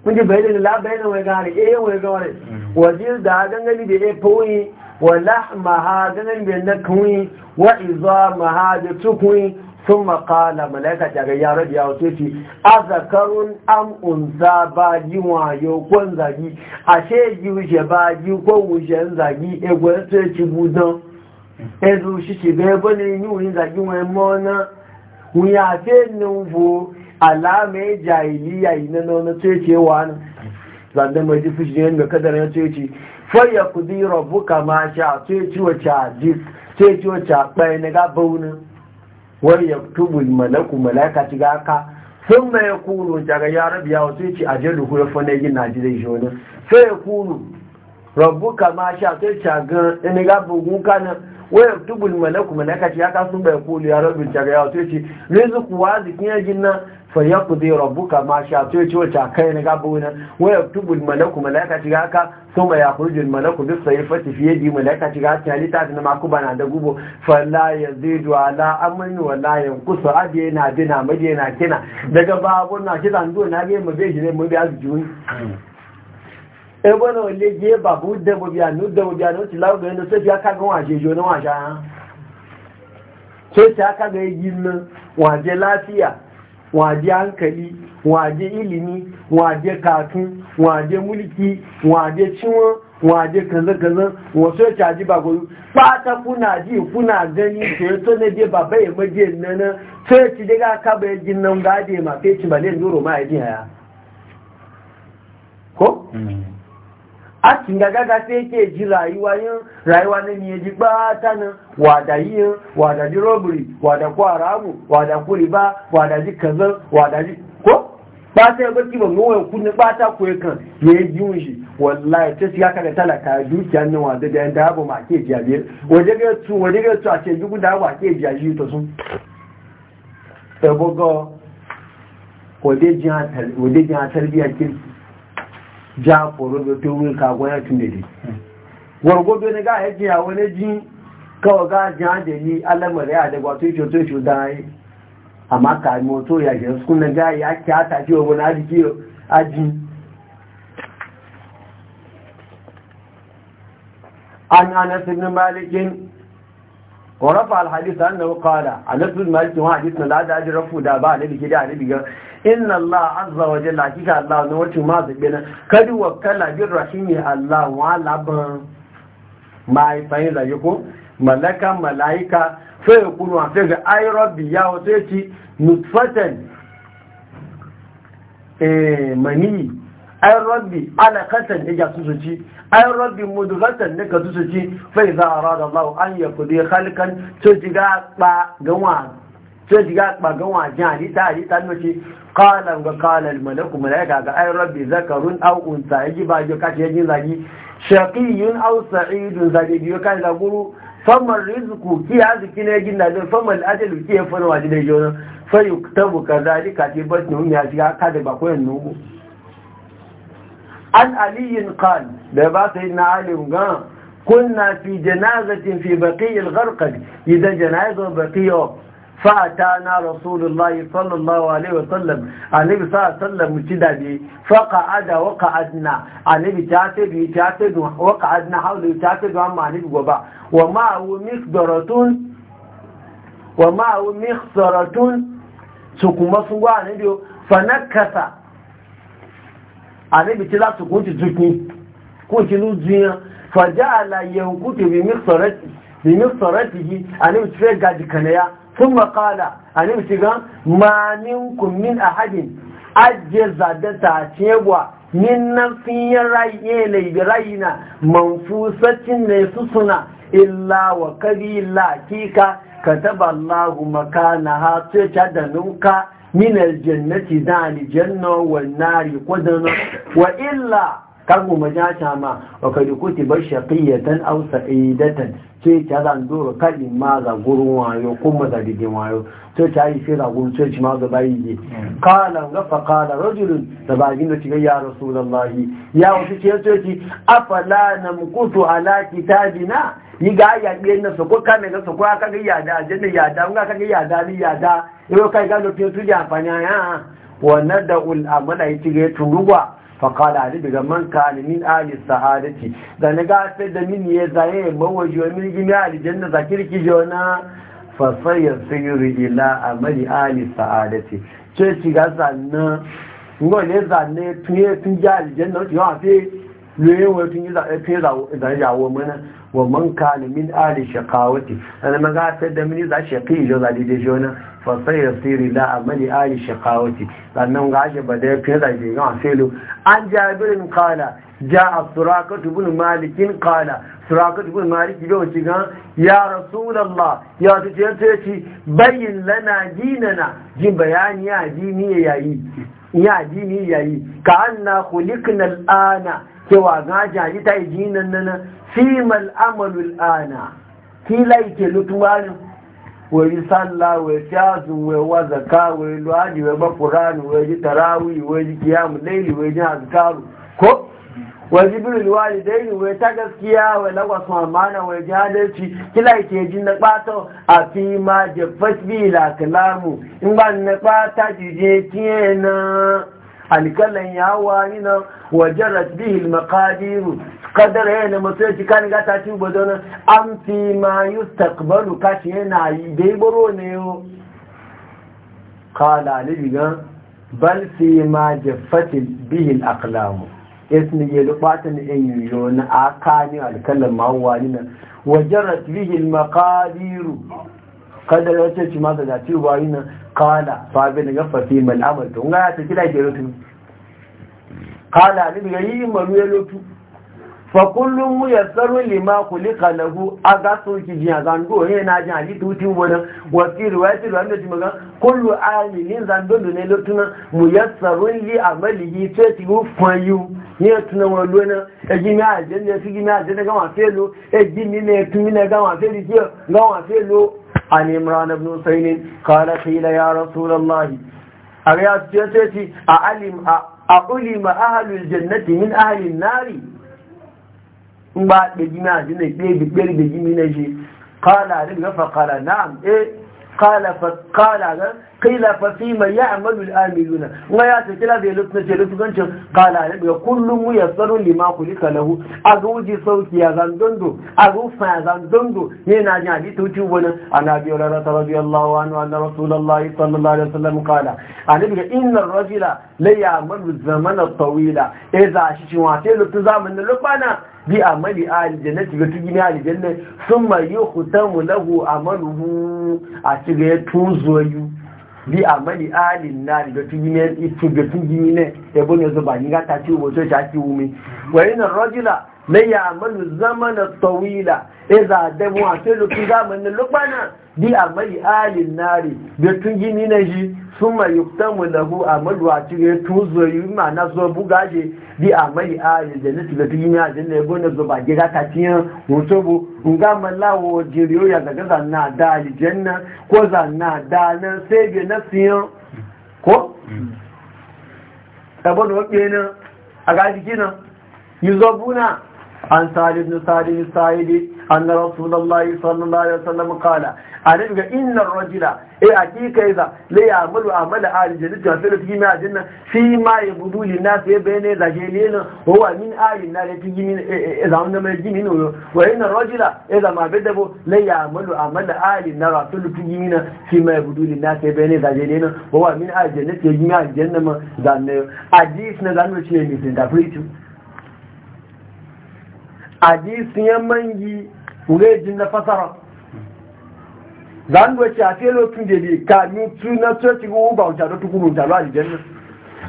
kun ji bayanin la bayanin wai gare eh wai gare mm. wa jildaha gangani da efo yi Wala lahmaha ganin bai na kuwi wa izamaha da tukwi sun makara malaika ta ga yaro da yawo ce a zakarun an unza ba ji wayo zagi a ce ji wuce ba ko wuce zagi egwai ce ci budan ezu shi ci ga ebe ne yi zagi wani mona wuya fe alama alamai jahiliya yi na nuna ce ce wa nan zandan mai ji ne ga kadar ya ce ce fayya ku bi rabu kama sha sai ciwo ca jis sai ciwo ca ɓaya na gabauni wani ya tubu malaku malaka ci gaka sun mai ya daga ya rabu yawa sai ci a jelu kuma fa na yi na ji sai ya kuru rabu kama sha sai ci a gan ina gabauni kana wani ya tubu malaku malaka ci gaka sun mai kuru ya rabu daga yawa sai ci rizuku wa zikin yajin nan fayaqdi rabbuka ma sha to yace wata kai ne gabu wannan waya tubul malaku malaika ci haka kuma ya khurujul malaku bi sayfati fi yadi malaika ci haka halita da ma ku bana da gubo fala yazidu ala amrin wala yanqusu abi na dina madina kina daga babu na kidan do na ge mu be shi ne mu bi azu ẹgbọ́n náà lè jẹ́ bàbú dẹ̀bọ̀bí ànú dẹ̀bọ̀bí ànú ti láwùgbẹ̀ ẹnu tó fi akágan wọn àṣejò náà àṣà hàn tó ti akágan ga mọ́ wọn àjẹ́ láfíà waje hankali waje ilimi waje katun waje mulki waje ciwon waje kaza-kaza wasu ya caji ba gwaro fata kuna ji kuna gani to yato na je ba bai maje nana to ya ci daga aka bayan jin nan gade ma fece ba ne zuro ma ya ko? Mm. a tinga gaga sai ke ji rayuwa rayuwa na ne ji bata nan wada yin wada ji robbery wada kwaramu wada kuriba wada ji kazan wada ji ko ba sai baki ban gowa kunni bata ko kan ya ji yun shi wallahi ta siya kaga talaka dukiya nan wada da da abu ma ke jabe waje ga tu waje ga tu a ce duku da ba ke jaji to sun ebogo waje jihan tarbiyyar kirki já fòrò bí tó wí kàgbọ́n yẹn tún dèdè wọ̀rọ̀gbọ́dọ̀ ní káà ẹ̀jìn àwọn ẹlẹ́jì kọ́ọ̀gá jẹ́ àjẹ́ yí alẹ́mọ̀rẹ́ àdẹ́gbà tó ìṣò tó ìṣò dáa yìí àmá kàìmọ̀ tó yàjẹ́ skún ní gáà yá kí àtàkì owó an malikin ورفع الحديث أنه قال عن نفس المالك هو حديثنا لا داعي رفو دابا نبي كده نبي إن الله عز وجل حكيك الله نورت ما ذبنا قد وكلا بالرحيم الله وعلا وعلى ما يفعين يفعل يكو ملكا ملايكا فيقول وفيك أي ربي يا وطيتي نطفة مني ayin rabbi ana kasan ne ga tusuci ayin rabbi mudugatan ne ga tusuci fai za a rada lau an ya kudi halkan to jiga kpa ganwa waje a kpa a jin hadita hadita nuci kalan ga kalan malaku malaka ga ayin rabbi zakarun au ya ji ba ji kashi ji zagi yin au sa'idun zagi biyo kan laguru famar rizku ki arziki ya yaji na don famar ajalu ki ya fara wajen da jona fai zari ka zalika ti batnu ya shiga kada ba koyan nugu an aliyin kan da ba ta yi na alim gan kuna fi janazatin fi baƙiyar garkar idan baki baƙiyar fata na rasulullahi sallallahu alaihi wasallam a nabi sallallahu muci dabe faka ada waka adina a nabi ta ce bi ta ce waka adina haula ta ce zuwa ma nabi gaba wa ma'awun mixtaratun su kuma sun gwa nabi fa na kasa. annabi ce za su kuci zuki kuci lujiya fa ja'ala yankutu bi miqsarati bi miqsaratihi annabi ce ga dikanaya thumma makala annabi ce gan ma minkum min ahadin ajiye zade ta cewa ni na ya raye lai bi rayina manfusacin ne su suna illa wa kabila kika kataba Allahu makana ha ce ca da nuka min aljannati da aljanna wan nari qadana wa illa karbu majata ma wa kad kutiba shaqiyatan aw sa'idatan ce ta zan doro kadi ma za gurun wayo kuma da didin wayo to ta yi fira gurun ce ci ma ga bayi ne qala ga fa qala rajulun da ba gina ci ga ya rasulullahi ya wuce ce ce ci afala namqutu ala kitabina yi ga ya biyan na su ko kame ga su ko aka ga yada ajin yada ga aka ga yada ni yada yau kai gano fiye su da amfani ya wannan da ul'amala ya cire turuwa faƙala ali daga man kani min ali sahadati da ga gafe da min ya zaye mawaji wa min Ali alijanna za kirki jona fasayar sayuri ila amali ali sahadati ce ci ga zanna ngo ne zanne tun ya tun ya alijanna wata yawa fi lewe tun ya zawo mana wa man kana min ali shaqawati ana maga ta da mini za shaqi jo za dide jo na fa sayasiru la amali ali shaqawati sannan ga shi ba da ya kai zai ga felu an jabirin qala jaa surakatu ibn malik qala surakatu ibn malik ga wuce ga ya rasulullah ya tace tace bayyin lana dinana jin bayani ya dini yayi ya dini yayi ka anna khuliqna cewa gaja jaji ta yi jinan nan fimal amalul ana kila ike lutuwani wai salla wai fiyazu wai wazaka wai luwaji wai bakurani wai ji tarawi wai ji kiyamu daili wai ji azkaru ko wai ji birin luwaji daini wai ta gaskiya wai lagos! mamana wai ji hadarci kila ke ji na ɓata a fi ma jefas bi la kalamu in ba na ɓata ji je na alkalan yawa ni na wajarat bihi al-maqadiru kadar yana mutum shi kan ga ta ci godo nan an fi ma yustaqbalu kashi yana yi dai baro ne yo qala libigan bal fi ma jaffati bihi al-aqlam ismi yelo batan en yi na akani al-kalam ma wani nan wajarat bihi al-maqadiru kadar wacce ci ma da ci wani nan qala fa bi ga fa fi mal amal to ga ta kira ke rutu kala ni ga yi maru ya lotu fa kullum mu yassaru lima kuli lahu a so ki jiya zan do he na jan ali tuti wona wa fi riwayati ran da jimaga kullu amilin zan do ne lotu na mu yassaru li amalihi ce ti u fayu ni tuna wa lona e ji mi ajen ne fi mi ajen ga wa fe lo e ji mi ne tu mi ne ga wa fe li ji ga wa fe lo an imran ibn husayn qala qila ya rasulullah aga ya ce a Ali a a ulima ahalul jannati min ahalin nari in ba da gina jina ɗaya biyar da gini na shi kala da gafa ƙala na'am eh kala zan kila fafi mai ya amalu al’amiluna wani ya ta kila zai lusnace rufuncin kala ya ga kullum mu ya tsaro lima kuli kalahu a zuji sauki ya zan dondo a rufa ya zan dondo ne na ji hadita wuce wani a na biyar rana ta rabi Allah wa nuwa na rasulallah sallallahu alaihi wasallam kala a ne biga inna rajila lai ya amalu zamanar tawila e za shi cin wa sai lufi zamanin lufana bi amali a jannati ga tugini ahli janna summa yukhtamu lahu amaluhu a ciga ya tuzoyu bi amali a nari ga tugini itu ga tugini ne ya bone zuba ni ga ta ci wo to ta ci umi wa inna rajula la ya'malu zamana tawila idza damu a cikin zamanin lubana bi amali alin nari da tun gini na shi sun mai yuktamu lahu amalu a cire tun zoyi ma na zo buga shi bi amali alin da nisi da tun yi a jin da ya gona gida ta ciye hoto bu in ga malawo jiriyo ya zaga na da alijanna ko zanna da na sai bi na siyan ko? ɗabon wakilina a gaji kina yi zo buna عن سعد بن سعد السعيدي أن رسول الله صلى الله عليه وسلم قال أنك إن الرجل إيه أكيك إذا ليعمل عمل أهل الجنة وفلت فيما الجنة فيما يبدو للناس بين رجلين هو من أهل النار يتجي من إذا عندما يجي منه وإن الرجل إذا ما بدبه ليعمل عمل أهل النار وفلت فيه من فيما يبدو للناس بين رجلين هو من أهل الجنة يجي من ما ذا أجيسنا ذا شيء مثل دفريتو hadisi ya mangi urejin na fasara zan gwace a fiye lokacin da ne kami tuna tsoci gugu ba wuta da tukuru da ba jijen nan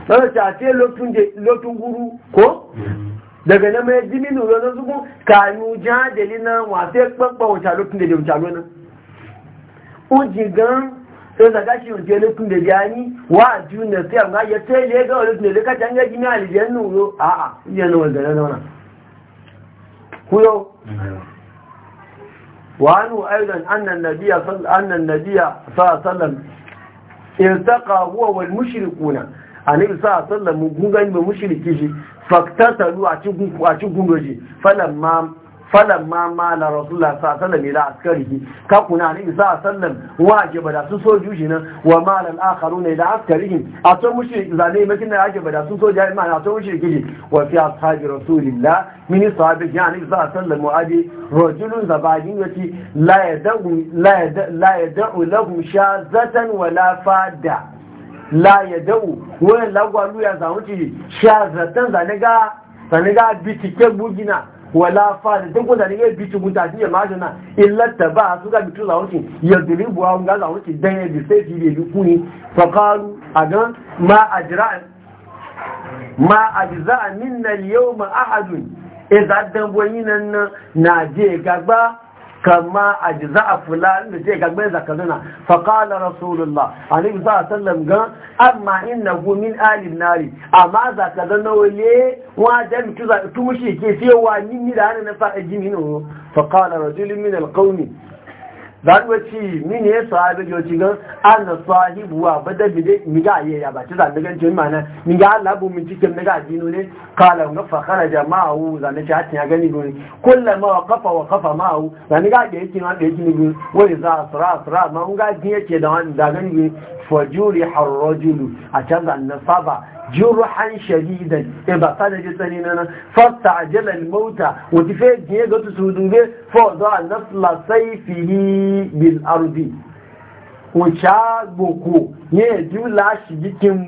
zan gwace a fiye lokacin da lokacin guru ko daga na mai jimi nuna na zugun kami jajali na wasu ya kpakpa wuta lokacin da ne wuta lona ujigan sai zaga shi wuce lokacin da jani wa juna sai amma ya sai lega lokacin da lokacin ya jini alijen nuro a'a yana wanzana zauna Kuyo? Mm-hmm. wa anu aidan anna an-nabiy anna an-nabiy sallallahu alaihi wasallam iltaqa huwa wal mushrikuna anil sa sallam gungan be mushriki shi faktata lu a cikin a cikin goje falamma falan ma ma na rasulullah sallallahu alaihi wasallam askarihi ka kuna ni sa sallam wajiba da su soju shi nan wa ma al akharuna ila askarihim a to mushi zane makin da ake bada su soja ma na to mushi kiji wa fi ashabi rasulillah min sahabi ya ni sa sallam wa abi rajulun zabajin yati la yadu la yadu la yadu lahum shazatan wala fada la yadu wa lagwalu ya zamuci shazatan zaniga ga bitike bugina wala fadi tun kun zane bi tu gunta ti ma jona illa taba su ga bitu la wuce, ya dili buwa ga la wuce dan ya bi sai ji bi kuni fa qalu agan ma ajra ma ajza minna al yawma ahad idza e dan boyin nan na je gagba kama a ji za a fulani da ce gagbe zakaruna faƙalar rasulullah a nufi za a sallam gan amma ina gumin alin nari amma zakaruna wale wajen mutu tushe ke fiye wa da hannun na faɗa jimini faƙalar rasulun min zaɗuwaci mini ya sahabi joci gan an na sahibu wa bada mi ga yi ya baci zaɗi gan jin mana mi ga Allah bu min cikin a dino ne kala ga fakara ma'awu zane ci hatin ya gani gori kulla ma wa kafa wa kafa ma'u zane ga da yake wanda yake gori wani za a sura a sura ma un ga jin ce da wani da gani gori fajuri harrojulu a can zaɗi na saba jurhan shadidan e ba ta da jitsani nana fasta ajalar mauta wata fe jiye ga su dube fa za a sai ardi wuce gboko ne jula shi jikin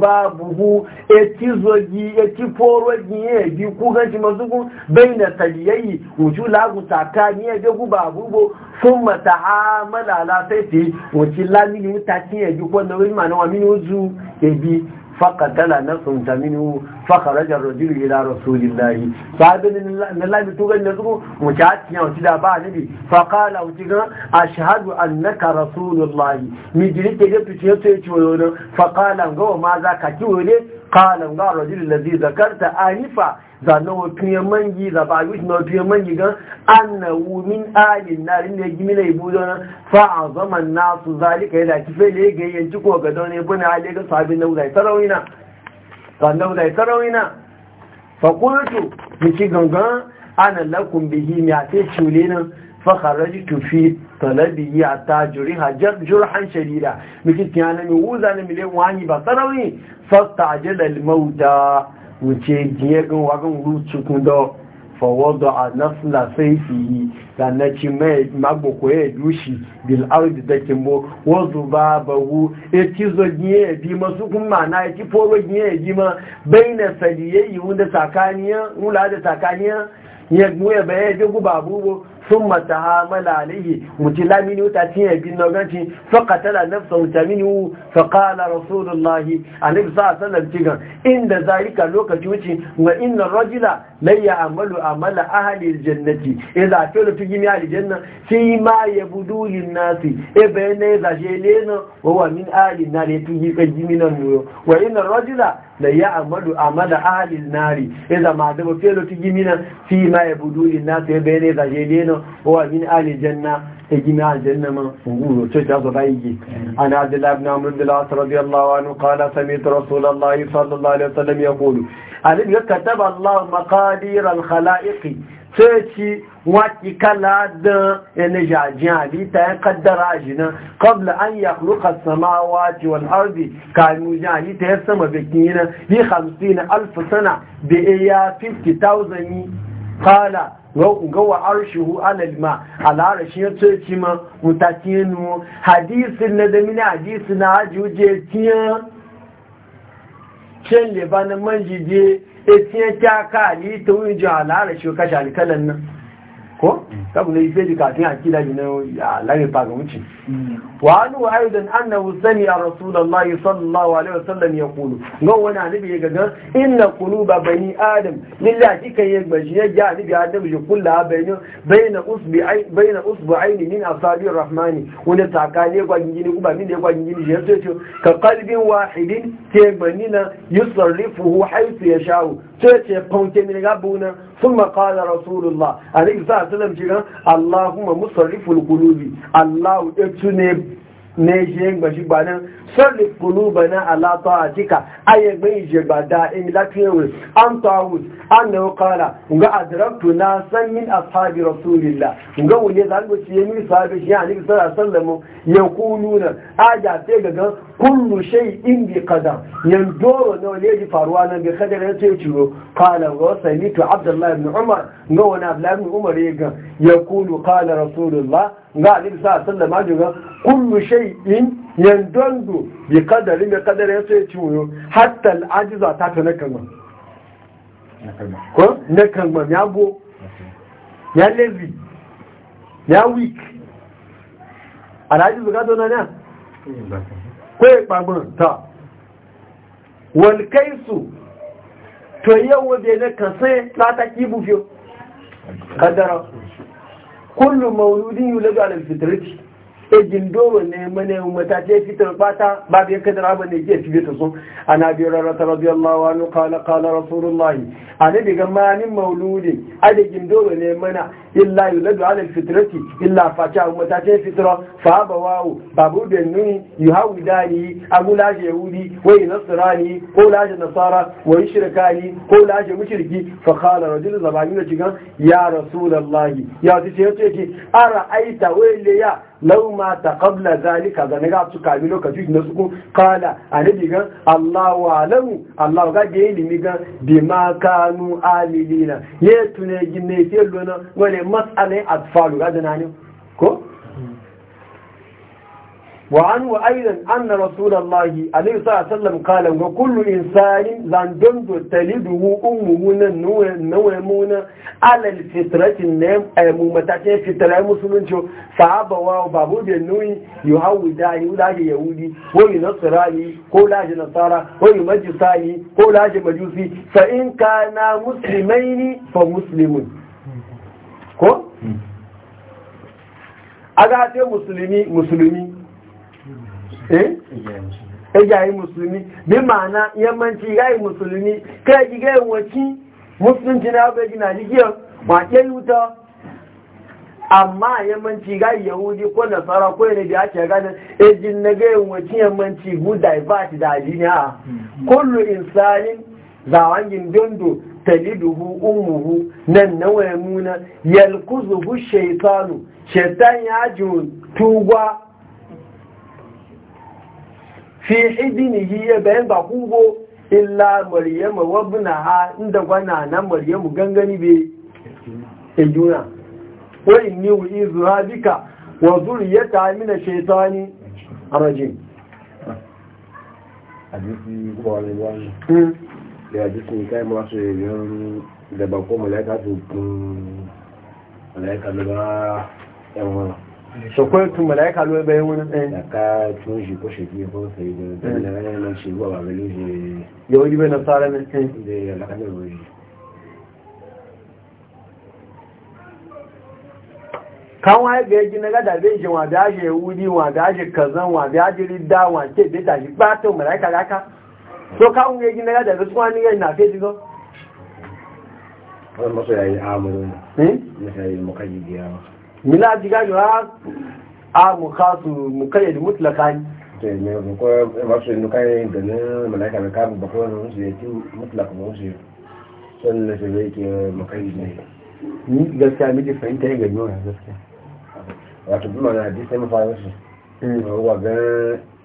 ba buhu eti zogi eti foro giye bi ku ganci mazugun bai na taliyayi wuce lagu taka ni ya jagu ba bubo sun mata ha malala sai fi wuce lamini mutaci ya bi kwanan wani na, wa mini wuzu ya bi faƙatala na sun taminu faƙarajar rajulu ila rasulillahi sabin na lami tugan da zuku wuce hatiya wuce da ba nabi faƙala wuce gan a shahadu annaka rasulullahi mi jiri ke ga tuce ya tuye ciwo yau faƙala ga wa ma za ka kiwo ne kalan ga rajul ladhi zakarta anifa za na wato ya mangi za ba yi na wato ya mangi gan annahu min alin nar ne gimi mina ibu don fa azama nasu zalika yana kife ne ga yanci ko ga don ne buna ale ga sabin na uzai sarawina kan da uzai sarawina fa qultu miki gangan ana lakum bihi mi ate nan فخرجت في طلبي حتى جرح جرحا شديدا مثل كان من وزن ملي واني بصروي فاستعجل الموتى وجي ديغن واغن روتسكندو فوضع نصل سيفه لأنك مغبوك يدوشي بالأرض دكمو وزبابه اتزو جيه ديما سكم معنا اتفورو جيه ديما بين سليه يهون دا ساكانيا ولا دا ساكانيا يجمو يبقى يجمو بابوه sun mata hamala alaihi mutu lamini wuta cinye bin noganci faƙatala nafsa wuta mini wu faƙala rasulullahi alif sa sallam cigan inda zarika lokaci wuce wa inna rajula layya amalu amala ahali jannati ya zafi da tugi mi aljanna shi ma ya budu lin nasi e bayan ne zashe lena wa min ahli na ne tugi kan jiminan nuyo wa inna rajula da ya amadu amada ahalin nari ya zama da mafi lotu gimina fi ma ya budu inna sai bai ne zaje leno wa min ahalin janna ta e gina aljanna man funguro ce ta zaba yi an abdullahi ibn amr bin al-as radiyallahu anhu qala sami'tu rasulullahi sallallahu alaihi wasallam yaqulu alim yakataba allah maqadir al sai waki kala don yana jajin halitta ya kaddara shi nan kabla an ya ruka samawa ce wani arzi ya sama bikin yi nan yi hamsi bi alfa sana da iya 50,000 yi kala gawa arshihu alalma al'arashi ya ce ci ma mutakiye hadisin na da mini hadisin na hajji wuce tiyan cin libanin manjije etinye ka ni ta wuyi ji ala shi kashe alkalan nan ko? Mm. kabu ne ife jika tun akila ji na alari faga wuce وعنه أيضا أنه سمع رسول الله صلى الله عليه وسلم يقول قونا نبي يقول إن قلوب بني آدم لله تلك يقبجي جاء نبي آدم يقولها بين بين أصبعين بين أصبعين من أصابع الرحمن ونتعكاني يقوى جنجيني قبا من يقوى جنجيني جهزته كقلب واحد تيقبنينا يصرفه حيث يشاء تيتي قوتي من قبونا ثم قال رسول الله عليه الصلاة والسلام اللهم مصرف القلوب الله name? ne ṣe ń gbẹ̀ṣù gbà náà sọ́lì kùlúbà náà alátọ́ àtíkà ayẹgbẹ́ ìṣẹ̀gbàdá emilakiyewe antawud annaukara ga adiraktu na sanyin ashabi rasulillah ga wule zango ci yemi sahabi shi sai ga gan kullu shai in bi kada yan doro na wale ji faruwa nan bi kada ya ce kala abdullahi umar umar kulu kala a nufi sallar shai shay'in yandandu bi kadari ya so ya ci wuyo hatta al'ajiza ta ta nakan ma ko Na ma ya go ya lazy ya weak al'ajizu ga zona na ko ya pagbon ta wal su, to yawo da ne kan sai lata kibu ki qadara kullu mawludin yuladu ala al-fitrati ejin doro ne mane matace fitar fata babu ya kadara ba ne ke fi ta sun ana biyar rarrata radiyallahu anhu kala kala rasulullahi a bi daga manin mauludi a dagin doro ne mana illa yuladu ala fitrati illa fata matace fitra fa ba wawo babu da nuni yuhawi dani abu laje yahudi wai nasrani ko laje nasara wai shirkani ko laje mushriki fa kala rajul zabani da cikin ya rasulullahi ya ce ce ki ara aita wai ya lau ma ta qabla zalika ga ga su kabi lokaci na suku kala annabi gan, Allahu alamu Allahu ga ga ilimi ga bi ma kanu alilina ye tune ginne ke lona wale mas'alai atfalu ga dana ne ko وعنه أيضا أن رسول الله عليه الصلاة والسلام قال وكل إنسان زندن تلده أمه نوامون على الفترة النام أي ممتاكين فترة مسلمين فأبا وبابو بينوي يهوداني ولاج يهودي وينصراني كولاجي نصارى ويمجساني كولاجي مجوسي فإن كان مسلمين فمسلمون كو أغاتي مسلمي مسلمي eh ya yi musulmi bi ma'ana yammanci ya yi musulmi kai ki ga waci musulunci na ba gina jigiyar ke luta amma yammanci ga yahudi ko nasara ko ne da ake gane ejin na ga yawanci yammanci bu divert da ajini a kullu insanin zawangin dondo taliduhu umuhu nan nawa ya muna yalkuzuhu shaitanu Shatan ya ji tugwa fi hidinihi ya bayan ba kugo illa maryama na ha inda gwana na maryamu gangani be e juna wa inni ha bika wa zurriyata min ash-shaytani rajim hadisi ko wale wale hmm. ya hadisi kai mu aso yon da ba malaika su hmm, malaika da wala shakwai tun malaika lo bai wani tsayin da ka tun shi ko shi ko sai da da eh. ranar shi ko ba lo shi ya wani bai nasara ne tsayin eh, da ya kan wa ga yi na gada bai shi wa da shi wuri wa da shi kazan wa da shi ridda wa ke bai ta shi ba ta malaika laka so kan ga yi na gada bai suwa ni ga na fe wannan amuru ne eh? mila jiga yi ha a mukasu mukayyar mutlaka ne ne ko e, ba su nuka yi da ne malaka na kabu ba kowane musu ya ci mutlaka ba su sun da su zai ke mukayyar ne ni gaskiya miji fahimta ya gani wani gaskiya wato bi mana di sai mafa hmm. wasu wa ga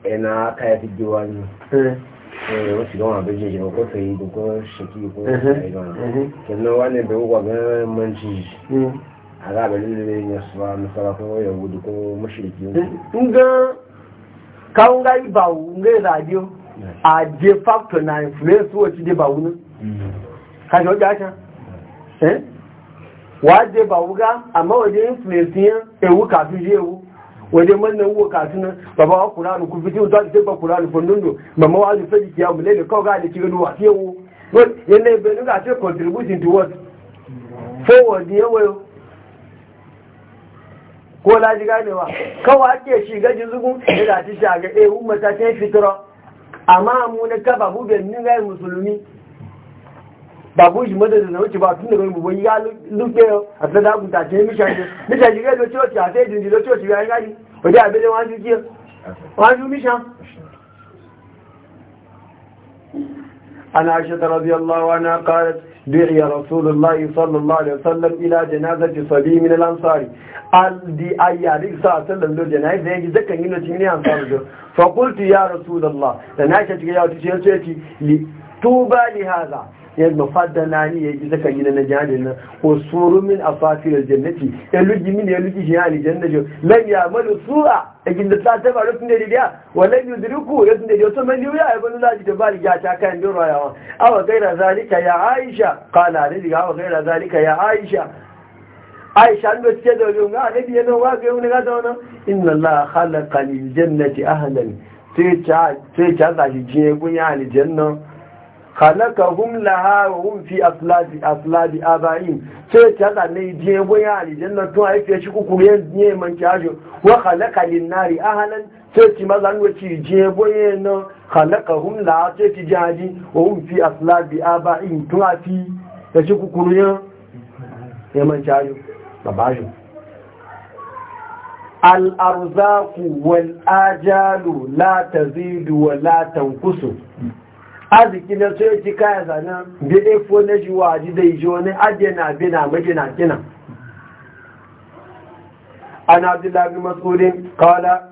ina e kaya fi giwa ne hmm. wasu ga wani abin jirgin ko sai ko shaki ko sai ga wani kenan wani bai wa ga manci azaba lulluɓe ne ya eh, ba nasara ko yahudu ko radio a je factor na influence mm-hmm. eh? wacce je ba eh ba wuga amma influence e je manna baba wa ku mama wa ki ya mu lele ga ki towards forward ko laji ganewa kawa ake shiga jizugun da za ta shaga ɗaya. ummata ta fitura. amma mu ne ka babu ga ni ga musulmi babu shi madadin na wuce ba tun daga bubu ya lupe a ta da guta ce mi shaje mi shaje ga lokaci a sai jinji lokaci ya gani ba da abin wani jiya wani mi shan ana aisha radiyallahu na qalat دعي رسول الله صلى الله عليه وسلم إلى جنازة صبي من الأنصار الذي أي عليك صلى الله عليه وسلم لو جنازة يجي زكا من الأنصار فقلت يا رسول الله لنعيشة يا رسول الله لتوبى لهذا ya fadda na ni ya ji zaka yi na jihadi na ko suru min afatir aljannati ya luji min ya luji shi hali jannajo lam ya'malu su'a akin da ta ta baro tun da riya walam yudriku ya tun da yoto man yuya ibn bani laji da bari ya ta kan dora rayawa aw gaira zalika ya aisha qala ni ga aw gaira zalika ya aisha aisha ndo ce da yau ga ne biye no wa ga yau ne ga da inna allah khalaqa lil jannati ahlan sai ta sai ta zaji je gunya aljanna khalaqahum laha ko hum fi asladi asladi abain sai ta da ne je boya aljanna to ai fi shi kuku ye ne man kajo wa khalaqa lin nari ahlan sai ti mazan wuci je boye no khalaqahum laha sai ti jaji wa hum fi asladi abain to a fi ta shi kuku ye ne man kajo babajo al arzaqu ajalu la tazidu wa la tanqusu arziki na so yake kaya zana da efo na shi ji zai ji wani ajiye na bina mace na kina an abdullahi bin mas'udin kala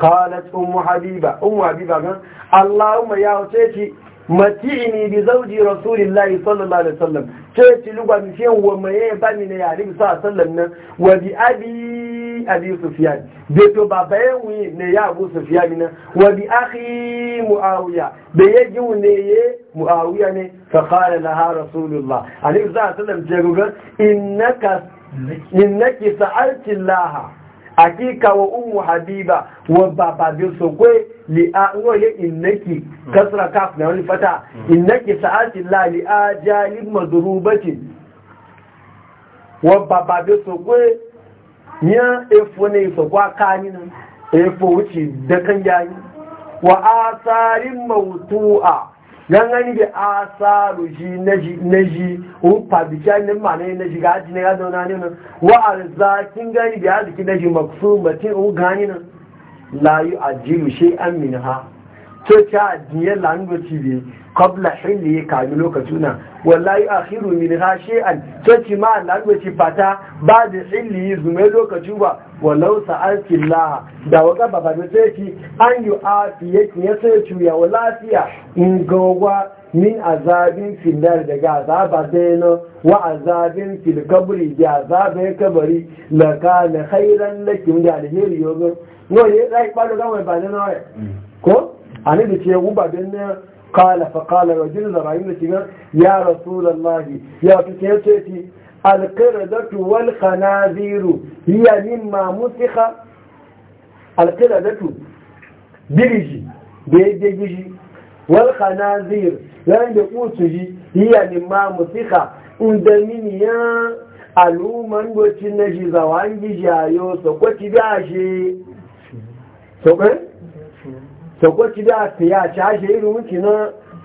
kalat ummu habiba ummu habiba kan allahumma ya sai ci mati'ini bi zauji rasulillahi sallallahu alaihi wasallam ce ci lugwa mi fiyan wa maye ba mi ne yari sa sallam nan wa bi abi abi sufyan be to baba ye wi ne ya abu sufyan nan wa bi akhi muawiya be ye ji ne ye muawiya ne fa qala laha rasulullah alaihi sallam je ga innaka innaki sa'alti hakika wa Umu habiba wa baba bi so li a ye innaki kasra kaf na wani fata innaki sa'ati la li a jalib madrubati wa baba bi so kwe nya efo so kwa kani na fo uchi da kan yayi wa asarin mawtu'a gangani da asaru shi na shi rufa bikiyar ne ma ne na shi ga aji na ya zauna ne nan wa arzakin gani da arziki na shi maksu matin un gani la layu ajiyu shay an minha to ta diye lango ci bi kabla hilli ka mi lokaci na wallahi akhiru min ha shi an to ci ma lango ci fata ba da hilli zume lokaci ba walau sa'arkin laha da waka baba da ki. an yi afi yake ya sai cuya wa lafiya in gawa min azabin da daga azaba daina wa azabin filkaburi da ya kabari na ka na hairan lakin da alheri yau no ne yi kwado gawai ba na nawa ko a ne da ce guba don na kala fa kala rajin da rayu da shigar ya rasu lallahi ya fi ce alqiradatu wal khanaziru hiya mimma musikha alqiradatu biriji da yadda gishi wal khanazir yayin da kutu ji hiya mimma musikha inda mini ya aluman gocin na shi zawan gijayo sokwaci da shi sokwaci da ya ci irin wuce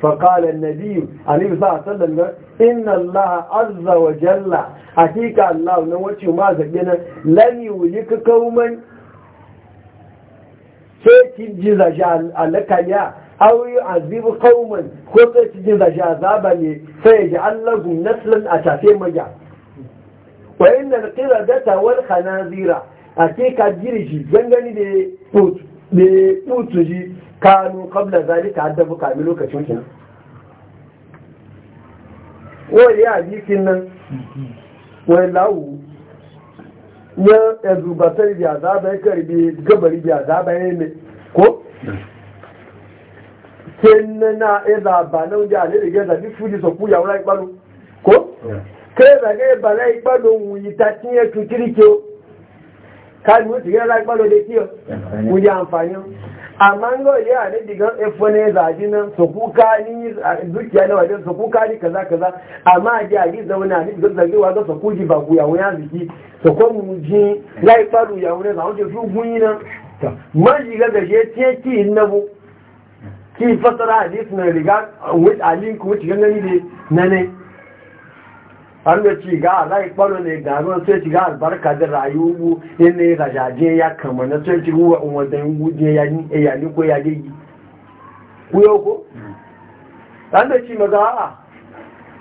فقال النبي عليه الصلاة والسلام إن الله عز وجل حقيقة الله نوتي وما زبنا لن يوليك قوما سيتي جزاجا لك يا أو يعذب قوما خطة جزاجا ذابني فيجعل لهم نسلا أتاتي مجا وإن القردة والخنازير حقيقة جريجي جنجني بوتجي kanu kabla zalika addabu kamin lokacin kenan wani ya jikin nan wani lawu ya ezubatar biya zaba ya gabari biya zaba ne ko? kenan na eza ba na oúnjẹ àlèrè gẹ́zà ní fújì sọ fúyà ọlá kpalo, ko? kẹ́ẹ̀zà gẹ́ ba ìpánu ohun ìta tí yẹn tún kíríkẹ́ o káàdì mú ti kpalo ìpánu lè kí ọ amma ga yi a ne digan efo ne zaji nan su kuka ni dukiya na wajen su kuka ni kaza kaza amma a ji zauna ni zan zage wa ga su kuji ba ku yawon ya ziki su ko mu ji lai faru yawon ne zaun ce su gunyi nan man ji ga gaje ce ki yi nabu ki fasara hadis na riga with a wuce gangani ne na ne an da ci ga za a kwaro ne ga ruwan sai ci ga albarka da rayuwu in ne ga jaje ya kama na sai ci ruwa in wanda guje eh, ya ni ko ya gigi ku yau ko an da ci maza a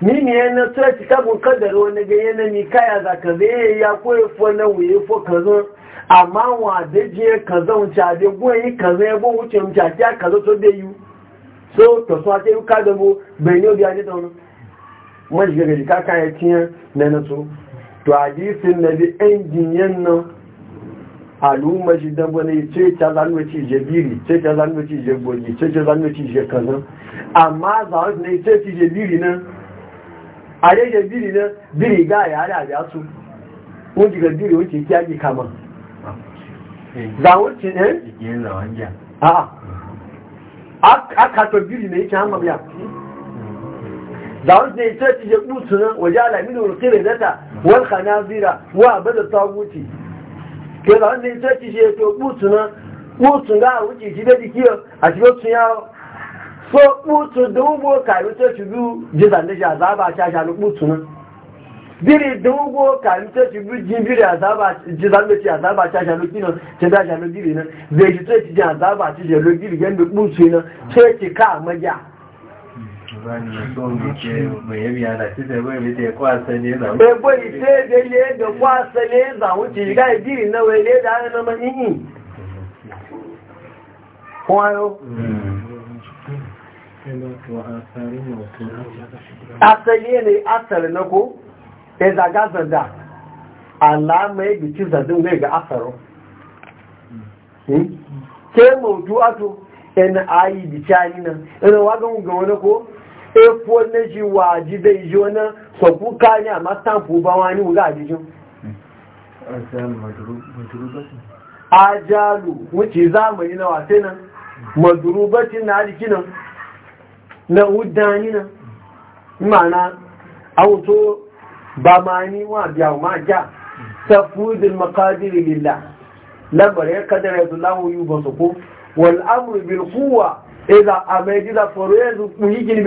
ni ne ya na sai ci kabun kadaro na ga yana ni kaya za ka zai ya ko ya fo na wuye fo ka zo amma wa da je ka zo wuce a dai goyi ka zo ya goyi wuce wuce a ka zo to da yi so to so a ce ka da mu bai ne obi a ji da wani man shiga gaji kaka ya tiya na naso to hadisin na bi injiniyan nan al'umma shi dan bane ce ta zanu ci je biri ce ta zanu ci je bogi ce ta zanu ci je kaza amma za su ne ce ci je biri nan a dai je biri nan biri ga ya da ya su mun shiga biri wuce kiyaye kama za wuce ne a a ka to biri ne ki hamma biya دعوت زي تاتي wa ba da منه القردة والخنازير وعبد الطاغوت ya عن ya تاتي يقول سنة قوتun ga wuce shi da jiki a cikin sun yawo so qutun dubo kayu ta a zaba a azaba ta shalu qutun biri dubo kayu ta shugu jibiri azaba a da ci azaba ta shalu kino ta da shalu biri nan zai ji ta ci azaba ta shalu biri ganda qutun nan sai ki ka maja Ebo ise dele da kwasa leza wuce ga idiri na wele da ana na manihi. Kwayo. Hmm. Asali ne asali na ko, e zaga alama ya bici zadin ga asaro. Hmm? Ke mautu ato, ina e ayi bici anina, ina e wagon ga wani ko, efo na ji wa ji da ji wani sabu ka ne amma stampu ba wani wuga a jijin ajalu wuce zamani na wasai nan madurubacin na jiki nan na wudani nan mana auto ba ma ni wa biya ma ja tafudul maqadir lillah labar ya kadara yadullahu yubasu wal amru bil quwwa iza amai za foro yanzu kun yi gini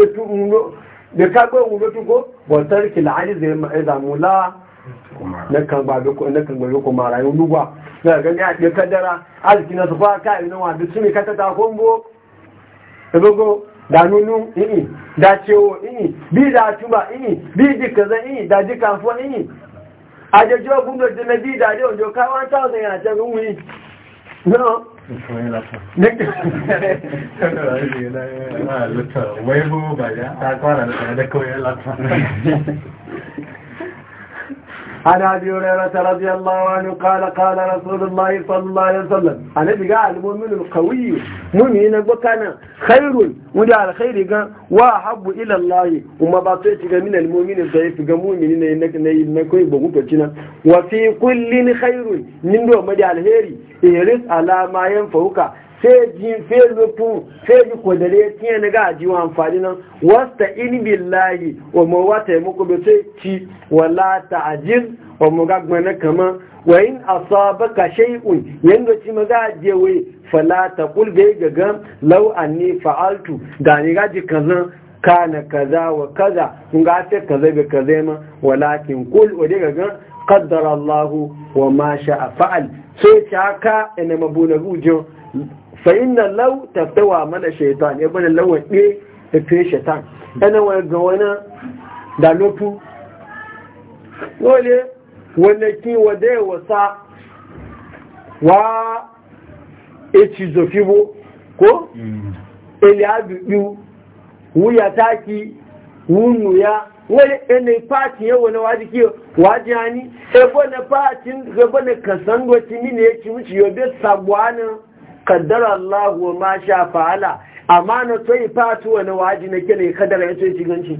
da ka gbe ko, tuko ki kilani zai ma ma'a mula? na kan gbabe ko mara yi lugwa na gani a ɗin kaddara arziki na sufa ka yi nawa duk suna kata ta kombo ibogo da nunu ini da cewo ini bi da tuba ini bi zan? ini da dikanfo ini ajojo gundo jinabi da da dai onjo kawo 1000 yana ta gunwi no [LAUGHS] wai bu da kawai lafa [LAUGHS] عن أبي هريرة رضي الله عنه قال قال رسول الله صلى الله عليه وسلم أنا بقى المؤمن القوي مؤمن وكان خير ودع الخير وحب إلى الله وما بطيت من المؤمن الضعيف مؤمن إنك إنك بمتنا وفي كل خير من دون مدى الهيري إيرس على ما ينفوك feji sai feji kodare tiye na gaji wa amfani nan wasta in billahi wa mu wa taimako bai sai ci wala ta'jiz wa mu na kama wa in asabaka shay'un yanda ci je wai fala taqul bai gaga law anni fa'altu da ni gaji kaza kana kaza wa kaza kun ga ta kaza bi kaza ma walakin kul wa daga ga qaddara Allah wa ma sha'a fa'al sai ta ka ina mabuna gujin fa inna law taftawa mana shaitan ya bane lawa ɗe da fiye shaitan ana wani ga wani da lopu wale wanda ki wada ya wasa wa eci zofibo ko mm. eliadu biyu wuya taki wunu ya wani yanayi fatin yau wani waji kiyo waji hani ebe na fatin gaba e na kasan gwacin ne ya ci wuce yobe sabuwa nan kaddara Allah wa ma sha fa'ala amma na tsoyi fatu wani waji na kele kaddara ya tsoyi ciganci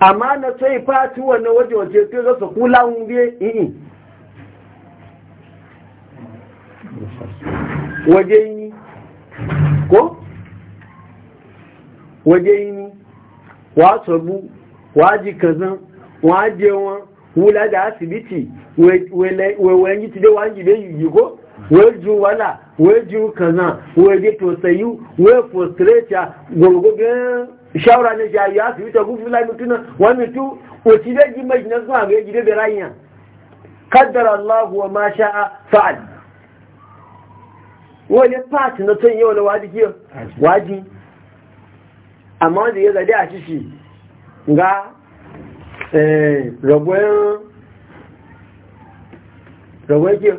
amma na tsoyi fatu wani waje waje to zasa kula hun biye i'i waje yi ko waje yi wa sabu waji kazan waje wa wula da asibiti wewe yi ti dai wajibe yi ko wejuwala wai jiwu kaza wai je tosayu wai frustrator gwangwagen shawara na shi ya su yi ta gufi lai mutuna wa mutu wace zai ji mai jinan suna ga gida da ranya kaddara Allah wa ma sha'a fa'al wani fati na son yau na wadi ke wadi amma wanda ya zade a shishi ga ragoyen ragoyen ke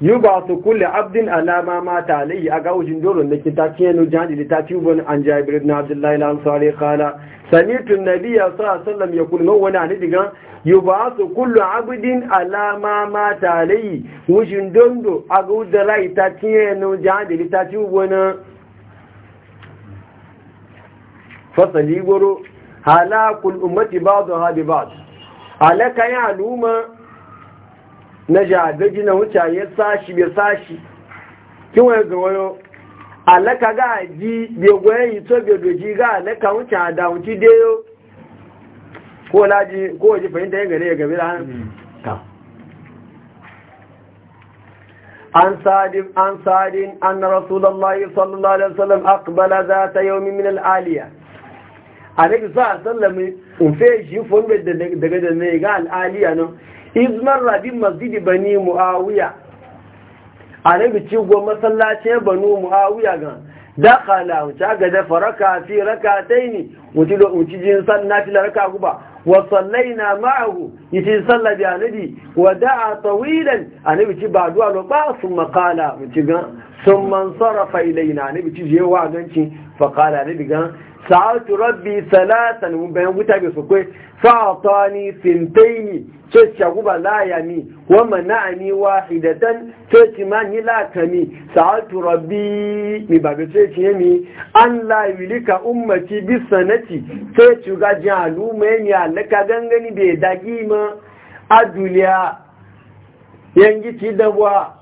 yi ba su kulle abdin alama mata alayi a gawushin doron da ke tafi yanu jihadi da tafi ubon an jabir na abdullahi na ansari kala sanitun nabiya a sallam ya kulma wani a nidigan yi ba su kulle abdin alama mata alayi wushin dondo a gawushin rai tafi yanu jihadi da tafi ubon fasali goro halakul ummati ba zuwa bi ba alaka ya al'umma na jagaji na wuce ya sashi bai sashi kin wani ga wayo alaka ga ji bai goye yi to bai doji ga alaka wuce da wuce da yo ko laji ko waje fahimta yin gare ya gabe da mm. ta an sadin an sadin don layi, sallallahu alaihi wasallam aqbala zata yawmin min al-aliya alaihi sallallahu a wasallam in fe shi fon daga da ne ga al-aliya izmar rabin masjidi bani mu'awiya a na bici masallacin banu mu'awiya ga dakala wuce ga da faraka fi raka ta wuce jin sanna fi raka guba wa sallaina ma'ahu yace sallah bi annabi wa da'a tawilan annabi ci ba duwa lo ba su makala wuce gan. sun man sarafa ilaina annabi ci je wa ganci fa qala annabi sa'atu rabbi salatan mun bayan wuta bi su kai fa'atani sintaini ce ci guba la ya mi wa wa wahidatan ce ce ma ni la mi sa'atu rabbi mi ba ga ce ce mi an la ka ummati bi sanati sai ce ga jalu mai mi alaka gangani bai dagi ma aduliya yangi da dabwa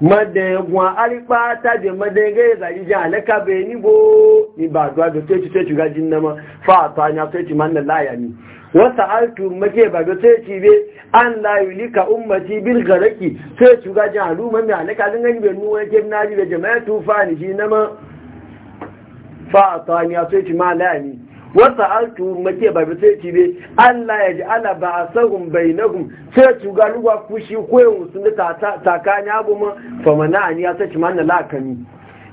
madayagun alipata da alaka bai ni bo ba duwa da teci teci gajin nama fata ya ni wata altu make be an layulika ummati bil garaki teci gajin mai gani bai na ji da jama'a tufa ni shi nama ma wata altu make ba bi sai tibe Allah ya ji ala ba asahum bainahum sai tu ga lugwa kushi ko yin sun ta takanya abu ma fa mana ani ya sai man la kani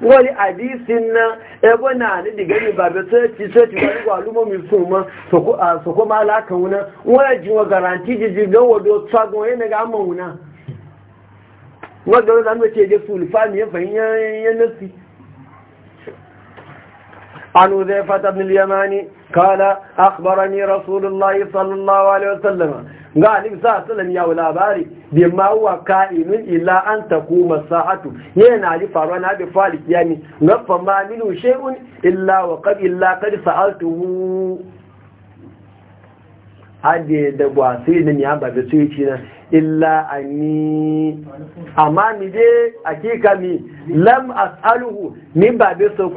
wani hadisin na ebo na ni diga ni ba bi sai ti sai ti ga lugwa lumo mi sun ma so ko so ko ma la kan wuna wani ji wa garanti ji ji ga wado tsago yana ga amma wuna wanda zan ce je sulfani ya fahimya ya nasi عن وذيفة بن اليماني قال أخبرني رسول الله صلى الله عليه وسلم قال إبساء صلى الله عليه وسلم يا ولا بما هو كائن إلا أن تقوم الساعة ينا لفرانا بفالك يعني نفى ما منه شيء إلا وقد إلا قد سألته hade da ba sai da ni ba da sai ci na illa anni amma mi je akika mi lam as'aluhu min ba be so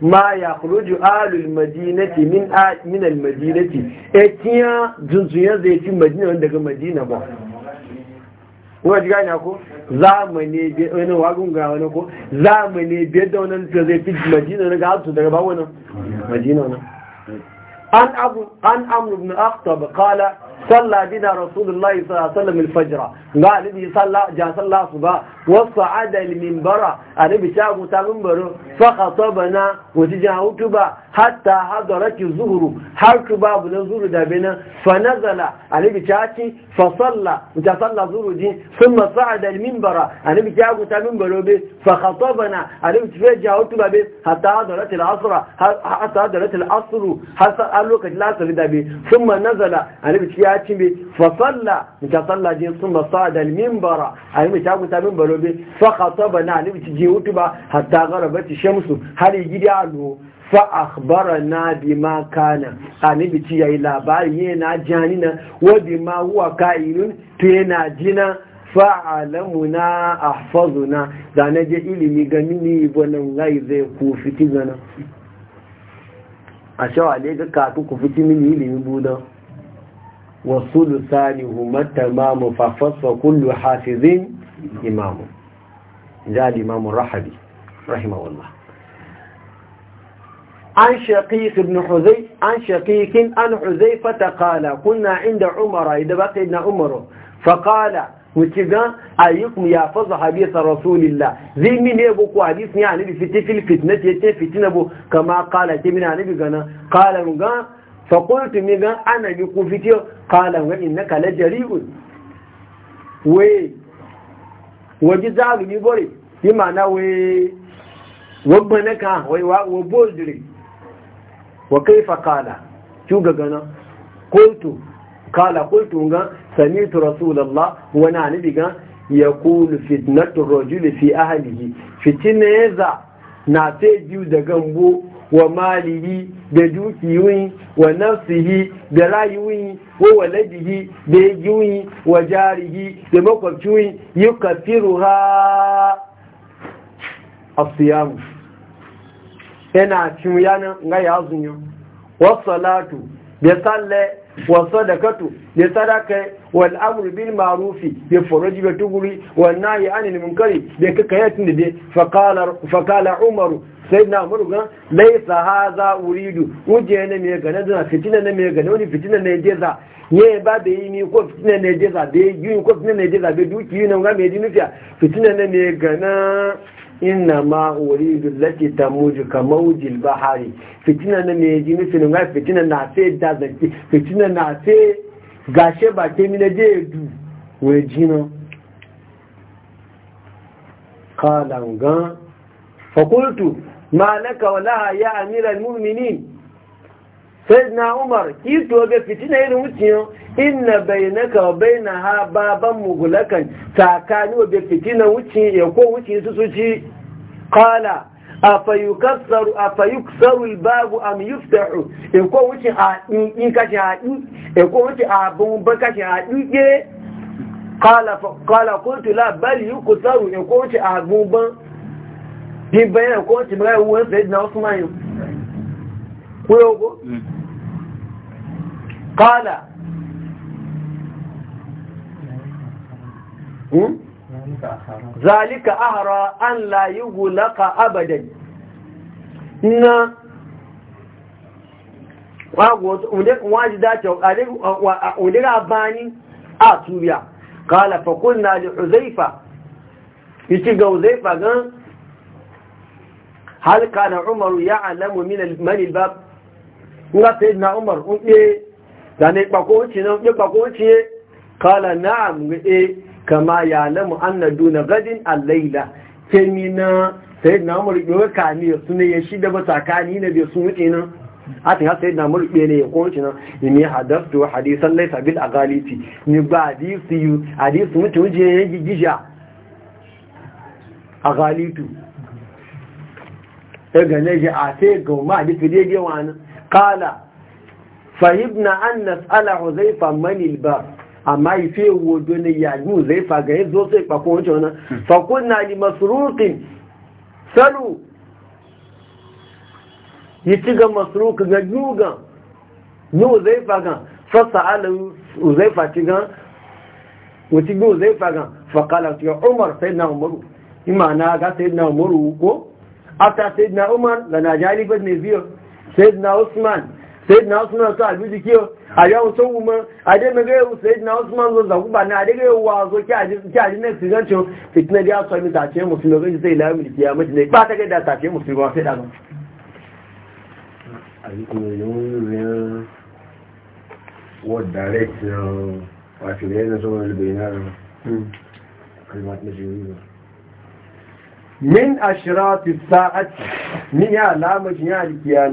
ma ya آل alul madinati min min al madinati e tiya zunzuyan zai ci madina daga madina ba kuma ji gani ko zamani bi wani wagun ga wani ko zamani bi da wannan zai fi madina ga daga ba madina عن عمرو بن أخطب قال صلى بنا رسول الله صلى الله عليه وسلم الفجر قال الذي صلى جاء صلى صبا وصعد المنبر أنا بشاق متمنبر فخطبنا وتجاوتبا hatta hadarati zuhuru har ku babu na zuhuru da bina fa nazala anabi caci fa salla ta salla zuhuru din sun masa'ada al-minbara anabi ta guta minbaro fa khatabana anabi ta jawo tuba hatta lasari da be sun ma nazala anabi ta ci fa salla ta salla din sun masa'ada da minbara anabi ta guta minbaro be fa khatabana anabi ta jiwo tuba hatta garabati shamsu har gidi a fa bi ma kana bi ci yayi labari yana janina wa ma huwa kainun to yana jina fa alamuna ahfazuna da na je ilimi ga mini bonan ngai zai ku fiti gana a shawa dai ga ka ku fiti mini ilimi budan wasu huma tamamu fa fafasa kullu hafizin imamu ja imamu rahabi rahimahullah عن شقيق بن حذيف عن شقيق عن حذيفة قال كنا عند عمر إذا بقي ابن عمر فقال وتجا أيكم يا فضل حديث رسول الله ذي من يبقوا حديث يعني بفتنة في الفتنة يتنى فتنة بو كما قال تمنى نبي قال قال مقا فقلت مقا أنا يقول فتنة قال وإنك لجريء وي وجزاء بني بوري يمعنى وي وبنك وي وبولدري wa kaifa kala ki ga gana qultu kala qultu ga sami'tu rasulullah wa na nabi ga fitnatu rajuli fi ahlihi fitneza na te biyu da gambo wa malihi da dukiyoyi wa nafsihi da rayuwi wa waladihi da yiwuyi wa jarihi da yi kafiru ha siyamu yana cin nan ga ya zunyo wasalatu bi salle wa sadaqatu bi sadaqa wal amru bil ma'rufi bi furuji bi tuguri wan nahi anil munkari bi kakayatin da fa qala fa qala umaru sayyidina umaru ga laysa hadha uridu uje ne me ga na fitina ne me ga wani fitina ne je za ye ba da yi ni ko fitina ne je za be yi ko fitina ne je za be duki ne ga me dinufiya fitina ne me ga na inna ma uridu lati tamuju ka maujil bahari fitina na me ji ni sinu ga fitina na se da zaki fitina na se gashe ba ke mi na je du we jino qala ngan fa qultu ma laka ya amiral mu'minin sayyidina umar kito ga fitina irin wuciyo inna bainaka wa bainaha baban mugulakan tsakani wa ga fitina wuci ya ko wuci su suci qala afayukassaru afayuksaru albabu am yuftahu in ko wuci a in kashi a in ko wuci a bun ba kashi a dike qala qala qultu la bal yuksaru in ko wuci a bun ban bi bayan ko wuci mai wani sayyidina usman ko mm. kala hmm? zalika ahara an la yughlaqa abadan na waji dace wadira bani a turiya kala fakul na da uzaifa yake ga uzaifa gan halka na umaru ya alamu min al-bab nga sai na umar un ɗe da ne ɓakowanci nan ɗe ɓakowanci ye kala na'am ga ɗe kama ya lamu an na duna gadin allaila kemi na sai na umar ɗe ka ne su ya shi da ba tsakani na bai sun wuce nan a tun sai na umar ɗe ne ya kowanci nan ne hadastu hadisan laisa bil agaliti ni ba hadisi yu hadisi mutum je ya gigija agalitu ya e gane shi a sai gauma hadisi daidai wani قال فهبنا أن نسأل حذيفة من الباب أما يفي ودوني يعني حذيفة غير زوسي فقوة جونا فقلنا لمسروق سلو يتيغا مسروق غنوغا نو حذيفة غن فسأل حذيفة تيغا وتيغا حذيفة غن فقالت يا عمر سيدنا عمر إما أنا سيدنا عمر وكو أتى سيدنا عمر لنا جالي بن زير sayyidina usman sayyidina usman sa abiji kiyo a yawon sauwu ma a dai na gaiwu sayyidina usman zo zaku ba na a dai gaiwu wa zo ki a jin next gancho so mi ce mu sun sai lamu ki ya mutu ne ba ta gaida ta ce mu sun ba sai da word direct wato da yana zuwa da kalmat na jiri min ashrati sa'at min ya lamu ya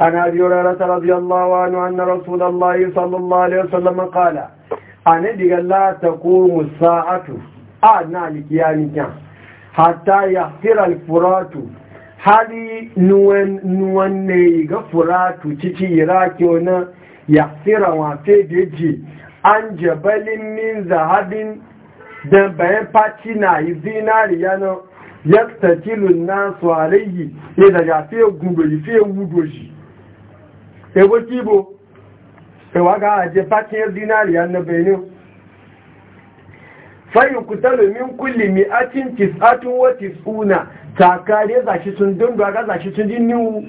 عن أبي هريرة رضي الله عنه أن رسول الله صلى الله عليه وسلم قال أنا قال لا تقوم الساعة أنا لكيانك حتى يحفر الفرات hali nuwan ne ga furatu ciki iraki na ya tsira wafe da yake an jabalin min zahabin da bayan faci na yi zinari yana ya tattilun nasu alayyi ya da ya fiye gudu fiye wudo ẹgbẹ́ kíbo ẹwàgá na fátíyẹ dínárì annabenin fayin kutalo min kulli mi atin tis'atun wa tis'una takare zashi sun dundu aga zashi sun jinniwu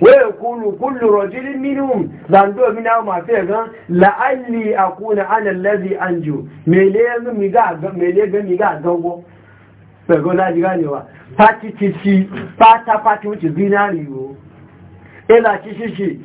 waya kulu kullu rajulin minhum zando mina ma fe gan la'alli akuna ana allazi anju mele yanzu mele ga mi ga gawo pẹ̀lú láti gánewa pátí ti ṣi pátápátí ó ti rí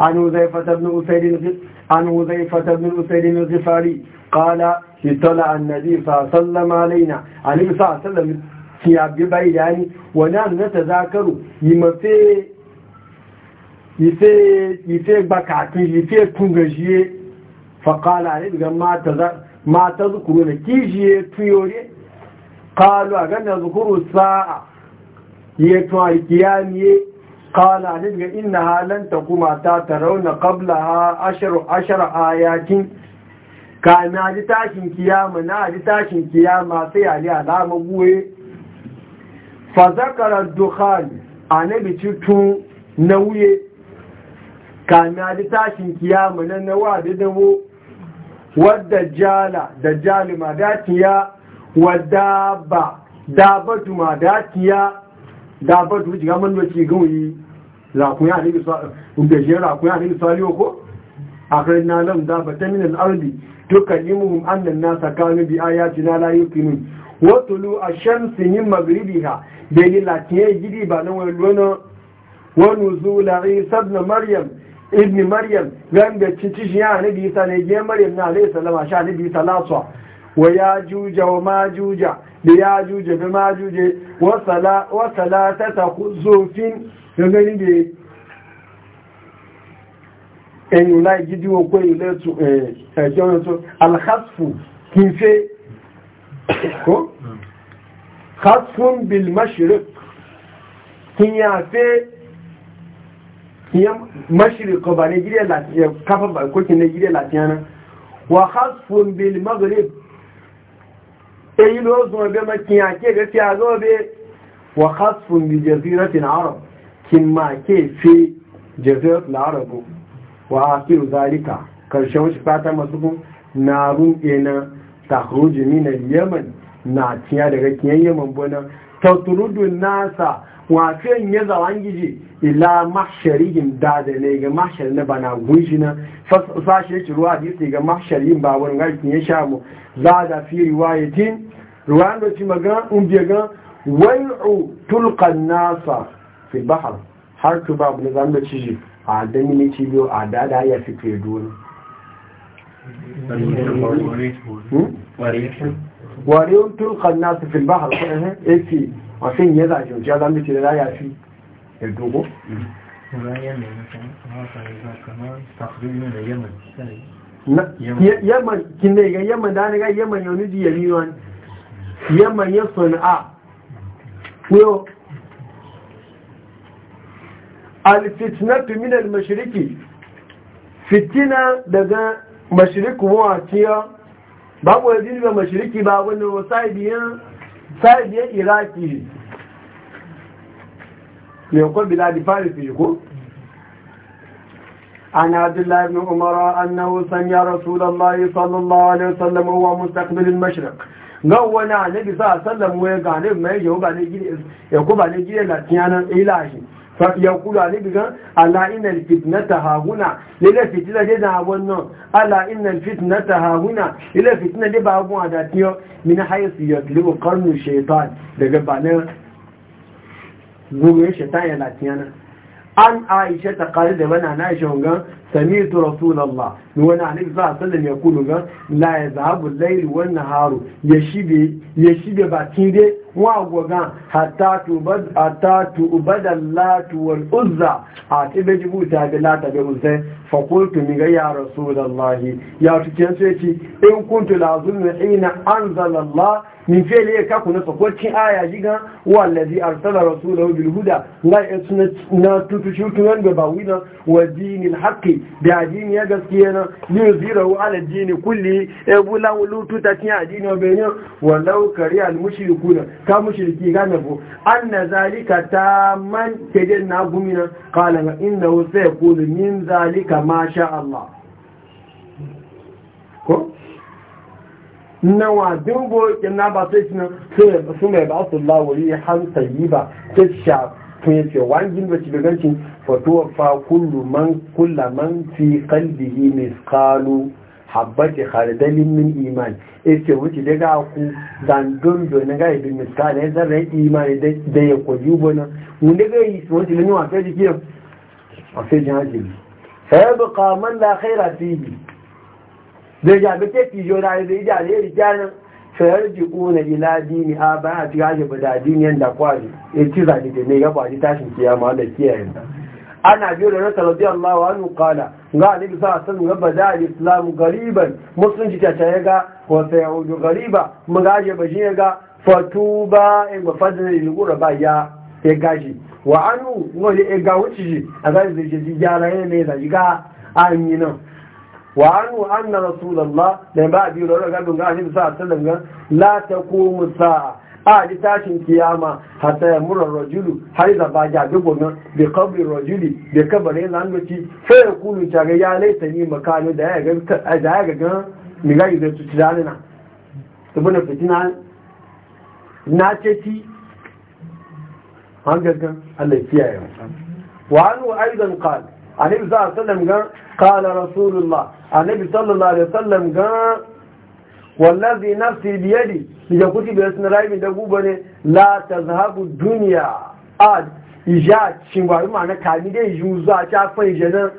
عن وزيفة بن أسيد عن وزيفة بن أسير الغفاري قال اطلع النبي صلى الله عليه وسلم علينا عليه صلى الله عليه وسلم في عبد البعيد يعني ونحن نتذاكر يمفي يفي يفي بكعتي يفي كونغجي فقال عليه ما تذكر ما تذكرون كيجي تيوري قالوا أغنى ذكروا الساعة يتوى القيام قال عليك إنها لن تقوم ترون قبلها عشر, عشر آيات كان علي تاشن كياما نعلي تاشن كياما سيالي علام بوي فذكر الدخان أنا بتشتون نوية كان علي تاشن كياما ننوى بدنو والدجال دجال ما داتيا والدابة دابة ما داتيا dabar da wuce gaman doki gauyi rakunya ne bisa ubejiyar rakunya ne su ko? ko akai na lam da bataminan ardi tukallimuhum annan nasa kanu bi ayatina la yuqinun wa tulu ash-shamsi min maghribiha la latiye gidi ba nan wani lona wa nuzula isa ibn maryam ibn maryam gan da cici ya ne bi isa ne je maryam na alayhi salama sha ne bi salatu wa ya juja wa ma juja da ya juje da ma juje wasala ta taku zofin gangani da alhasfu kí n hasfun bil mashirik kí n yà kafa wa hasfun bil maghrib eyi lo zun be ma kin ake be fi azo wa khasfun bi jaziratin arab kin ma ke fi wa akhiru zalika karshen shi fata masu kun narun ina takhruju min al-yaman na tiya da kiyan yaman bona taturudu nasa wa fen ya zawangije ila mahsharihim da da ne ga mahshar na bana na sashi yake ruwa hadisi ga mahsharihim ba wani ga kin ya sha mu za da fi riwayatin ruwan da ci magana un biya ga wai'u tulqan nasa fi bahar har tu babu na zan da ci a dani ne ci biyo a da da ya fi fiye dole wariyun tulqan nasa fi bahr ko eh eh wasin ya zaje ya zan da ci da ya fi ya dogo yaman kinde ga yaman da ne ga yaman yoni di yami wan yaman ya sun'a yo Alfitna fitnatu min al fitina daga mashriku wa tiya babu yadin ba mashriqi ba wannan sai biyan sai biyan iraki يقول بلاد فارس يقول عن عبد الله بن عمر أنه سمع رسول الله صلى الله عليه وسلم هو مستقبل المشرق قونا عن النبي صلى الله عليه وسلم ويقال ما يجي يقول على جيل الاتيانا إلهي فيقول عليه بقى ألا إن الفتنة ها هنا للا فتنة جدا هنا ألا إن الفتنة ها هنا للا فتنة جدا هنا من حيث يطلب قرن الشيطان لقد gobe ya ta ya latiyana an aisha ta da bana na aisha wangan سميت رسول الله وانا عليك صلى الله عليه وسلم يقول لا يذهب الليل والنهار يشبي يشبي باكيده واغوغا حتى تبد حتى تبد اللات والعزى حتى جبوتا بلات بالعزى فقلت من يا رسول الله يا تكن سيتي ان كنت لازم حين انزل الله من فعل كاكو يكاكو نسوكوتين آية جيغا والذي أرسل رسوله بالهدى لا يسنى تتشوكنا بباوينا ودين الحقي da addini ya gaskiya na yin zirahu ala jini kulli ya e bula wulutu ta cin addini wa benin walau kari al mushriku na ka mushriki gane ko an zalika ta man kedin na gumina qala inna inda sayqulu min zalika ma sha Allah ko nawa dubo na ba sai su mai ba su lawuri han sayi ba ta sha kun yace wajen jin ba ci gancin fatuwafa kullu man kulla man fi kalbihi misqalu habbati khardalin min iman yace wuce daga ku dan dondo na ga ibn misqal ya zarra iman da ya koyi bona mun daga yi wuce ne wa sai jiki a sai jahili fa yabqa man la khaira fihi da ya bi ke fi jona da ya da ya rijana sayarjiuna ila dini a ba a tiyaje ba da dini yanda kwaji ya ci zaje ne ya kwaji tashin kiyama da kiyayen ana biyo da rasa rabbi Allah wa annu qala ga annabi sa sallu rabba da al-islam gariban musulunci ta ta ga wa sayaudu gariba mun ga ya bashi ga fatuba in mafadna lil ghuraba ya ya gashi wa annu no ya ga a ga zai ji yara ne da ga an yi nan وعنه أن رسول الله لما بعد يقول لك أنه قال النبي صلى الله عليه وسلم لا تقوم الساعة a ji tashin kiyama hatta ya mura rajulu har da ba ja bi gomin bi kabri rajuli bi kabari na hannuci sai ya kulu ta ga ya laita ni makano da ya ga da ya ga mi ga yi da su ci dalina ibn fitina na ce ci an gaggan Allah kiyaye wa anu aidan qala annabi sallallahu alaihi wasallam ga qala rasulullah annabi sallallahu alaihi wasallam ga wallazi nafsi biyadi da kuti bai sun rayu da guba ne la tazhabu dunya a ija cingwari ma na kami dai zuwa a ta fa ijana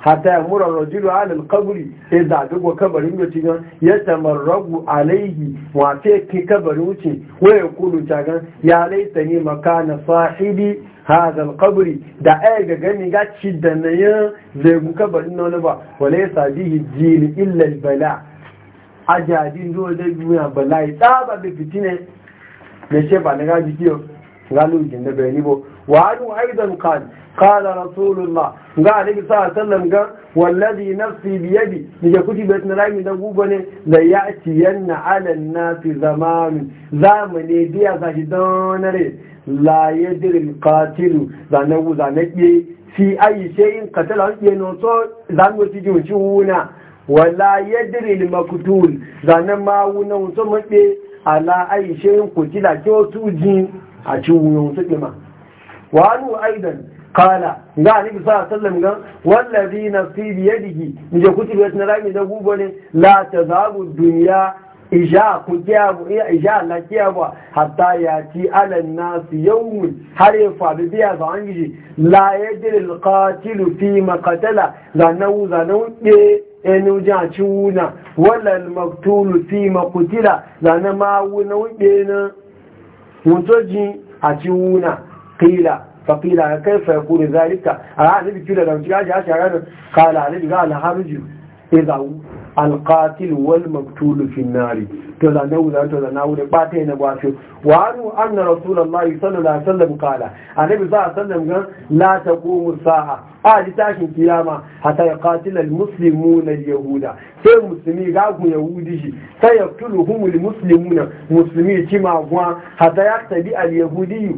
hatta ya mura rajulu ala alqabri sai da ga kabarin da tinga ya tamarragu alaihi wa fi ki kabarin wuce Waya kudu kulu tagan ya laita ni makana sahibi هذا القبر da aya ga gani ga ci da nayin zai gu kabarin nan ba ajajin zuwa da duniya ba yi tsaba da ne. da ce ba na gaji kiyo galu jin da bayani bo wa adu aidan qal qala rasulullah ga sa sallam ga wallazi nafsi bi yadi ga kuti bai tana mi da guba ne da ya ci yanna ala nasi zaman zamane biya sa shi donare la yadri qatilu zanawu zanake fi ayi shay'in qatala yanoto zanwo ci wuna wala yadiri limakutul zanen mawunan wuce maɗe ala aishe yin kuki ke wasu ji a ci wuyan wuce ma. wani aidan kala ga a sa sa'a sallam gan wallazi na siri ya digi je kuti bai na rami da gubo ne la ta zagu duniya isha ku kiyabu iya isha la kiyabu hatta ya ci alan nasu mu har ya faru biya ga an gishi la yadiri alqatilu fi maqatala zanen zanen ɗe enu a ci wuna walal maktulu fi makutila zana ma wuna wuɗe na mutoji a ci wuna kila faƙila kai fa yakuru zalika a hannun bikin da ramci gashi a shagarar kala hannun ga alharuju ya alqatil wal maktul fi nari to da na wula to da na wula bata yana ba shi wa anu anna rasulullahi sallallahu da, wasallam kala annabi za a sallam ga la taqumu sa'a a ji tashin kiyama hatta yaqatil al muslimuna al yahuda sai musulmi ga ku yahudi shi sai yaqtuluhum al muslimuna musulmi ci ma gwa hatta yaqtabi al yahudi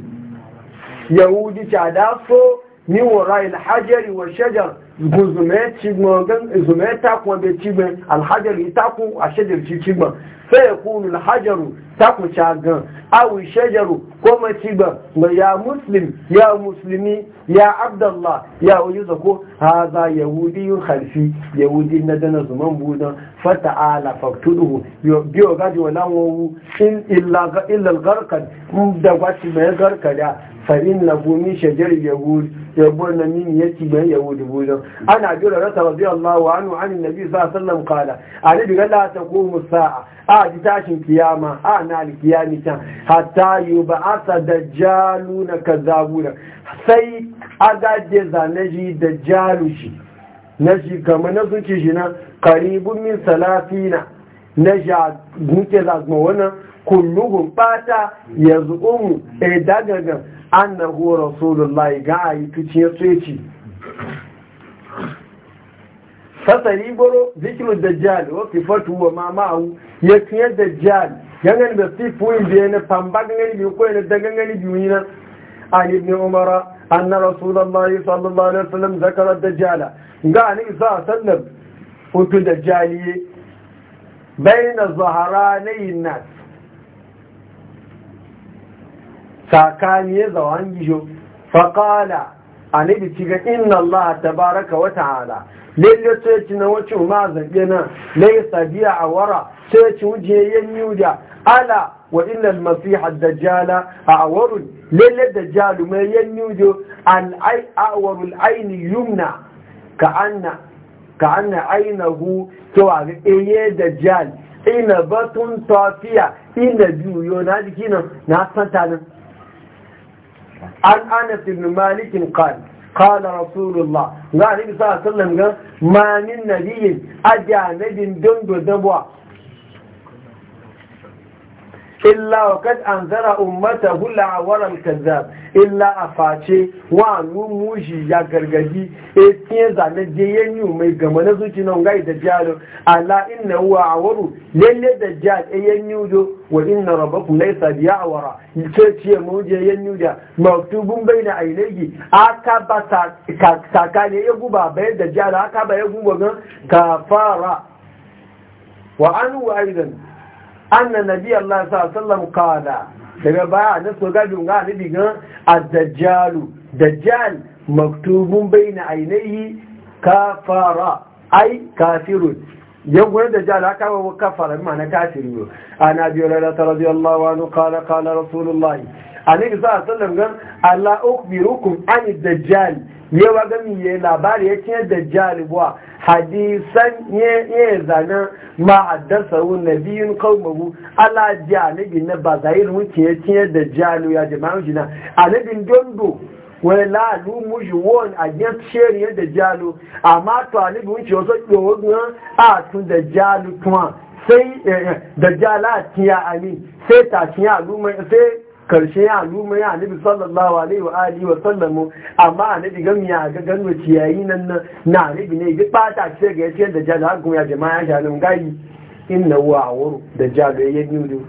yahudi ta da so ni wara al hajari wa shajar guzume cigman gan zume takun da cigman alhajaru takun a shajarci cigman sai ya kunu alhajaru taku cagan awi shajaru ko ma cigman ga ya muslim ya muslimi ya abdallah ya wuyi zako ha za yahudi harfi yahudi na dana zuman budan fata ala faktuduhu biyo gaji wa lawowu in illa garkar da gwaci mai garkada fa'in na gumi shajar yahud yabo na mini ya ci bayan yahudu bujan ana bi da rasa rabi Allah wa anu an nabi sa sallam kala a nabi ga la ta komu sa'a a ji tashin kiyama a na alkiyami can hatta yi ba asa da jalu na kazabuna sai za na ji da jalu shi na shi kamar na sun shi na karibun min salafina na sha muke zazma wannan kulluhun bata ya zuɓo mu ɗaya e, dagagan annahu rasulullahi ga a yi tuciye tsoci fasari goro zikiru dajjal wa fatu wa mamahu ya tuye dajjal gangan da sifu yin biya na famba gangan biyu ko yana dagan gani biyu yi nan an ibn umara anna rasulullahi sallallahu alaihi wasallam zakara dajjala ga ni isa sallam hutu dajjaliye bayyana zahara na yin nas kakani ya zawa an gisho faƙala a nabi da inna Allah ta baraka wa ta'ala lalle sai ci na wacce ma zaɓe nan yi sabiya a wara sai ci wuce yan yuda ala wa inna al dajjala a awarun lalle dajjalu mai yan yudo al-ai awarul aini yumna ka anna ka anna ainahu to a ga eye eh, dajjal ina batun tafiya ina biyu yau na jiki nan na santa nan an anas ibn malik qala qala rasulullah ga nabi sallallahu alaihi wasallam ga ma min nabiyyin aja dondo dabwa illa wa kad an zara ummata hula a waran kazzab illa a face wa mushi ya gargaji e tiye zane je ya yi mai gama na zuci nan gai da jalo ala inna huwa a waru lalle da jal e ya yi do wa inna rabbakum laysa biya a wara ce ce mu ya yi da maktubun baina ainihi aka ba sakane ya guba bai da jalo aka ba ya guba ga kafara wa anu aidan anna nabi Allah sallallahu qala daga baya na so gajin ga ni digan ad-dajjalu dajjal maktubun baina ainihi kafara ai kafirun يقول الدجال هكذا وكفر معنى كافر عن أبي هريرة رضي الله عنه قال قال رسول الله عليه الصلاة والسلام Allah ألا أخبركم عن الدجال yawa gami ya labari ya ce da jaribuwa hadisan ya zana ma haddasa wun na biyun kalmabu ala ji anabin na ba zahir wuce ya ce da jalu ya jama'an jina anabin dondo wani la'adu mushi won a yin shirin yadda jalu amma to anabin wuce wasu yawon a tun da jalu kuma sai eh, eh, da jala tiya amin sai ta tiya alumai sai karshe ya luma ya nabi sallallahu alaihi wa alihi wa sallamu amma annabi gam ya ga gano ciyayi nan na annabi ne bi bata ce ga yace da jada hakum ya jama'a ya nan gai inna a awru da jada ya yi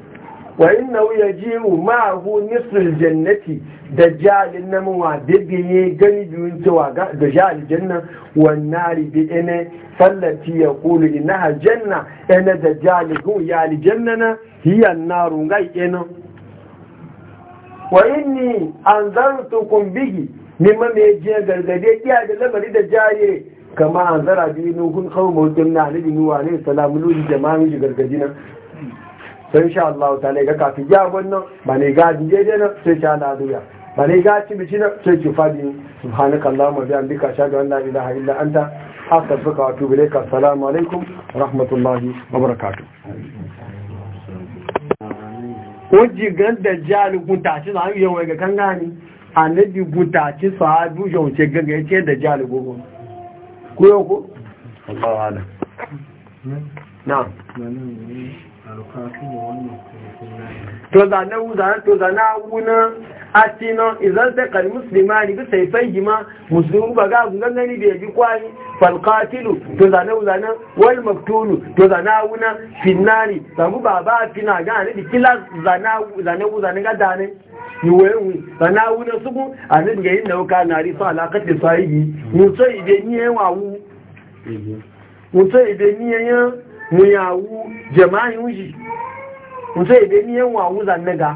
wa inna hu yaji'u ma'ahu nisful jannati dajjalin nan wa bibiye gani biyun cewa da jalin janna wan nari bi ina ya kulu innaha janna ina jalin hu ya li jannana hiya na naru gai ina wa inni anzartukum bihi mimma me je gargade kiya da lamari da jaye kama anzara bi nuhun qawmun tunna nabi wa alayhi salamu lu jama'i ji gargadi nan sai insha Allah ta'ala ga kafi ya wannan ba ne ga je je nan sai sha na duya ba ne ga ci bici nan sai ki fadi wa bihamdika ashhadu an la ilaha illa anta astaghfiruka wa atubu ilayka assalamu alaikum wa rahmatullahi wa barakatuh wajen ganda jali gutaci za yi yawon ga kan gani annabi gutaci su a dushen wuce gaga ya ce da jali gogo ku yau ku? na to zane wuzane to zane atina idan ta kal muslimani bi sayfayhi ma muslimu ba ga gungan gani da yaji kwani fal qatilu to zana zana wal maktulu to zana wuna finnari samu baba fina ga ne bi kila zana zana zana ga dane ni wewu zana wuna suku anin ga yin nauka nari fa alaqati sahibi mutso ibe ni yawa wu mutso ibe ni yan mu yawu jama'i wuji mutso ibe ni yawa wu zanaga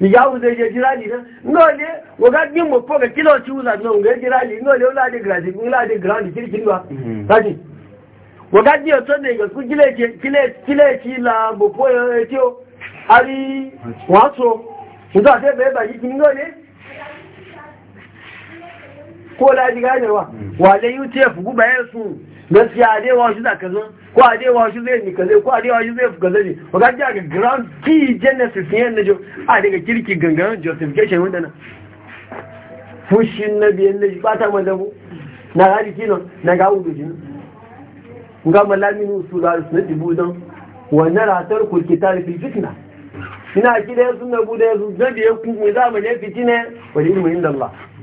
ìyáwó ṣe ṣe jíráàlì náà náà lé wọ́gá ní mọ̀ pọ̀ kẹ́ kílọ̀ hmm. tí ó náà ǹgẹ́ jíráàlì náà lé láàdé gíràdì láàdé gíràdì kiri kiri wa láti wọ́gá ní ọ̀tọ́ ní ìgbẹ̀ fún gaskiya dai wa shi zaka zo ko a dai wa shi zai ni kaze ko a dai wa shi zai fuka ne? ba ga ga grand key genesis ne na jo a daga kirki gangan justification wanda na fushin na biyan na ba ta madabu na gadi kino na ga wudu jin ga malamin usula sunna dibudan wa nara tarkul kitab fil fitna ina kida sunna buda yazu zabi yakun zamane fitina wal ilmu inda Allah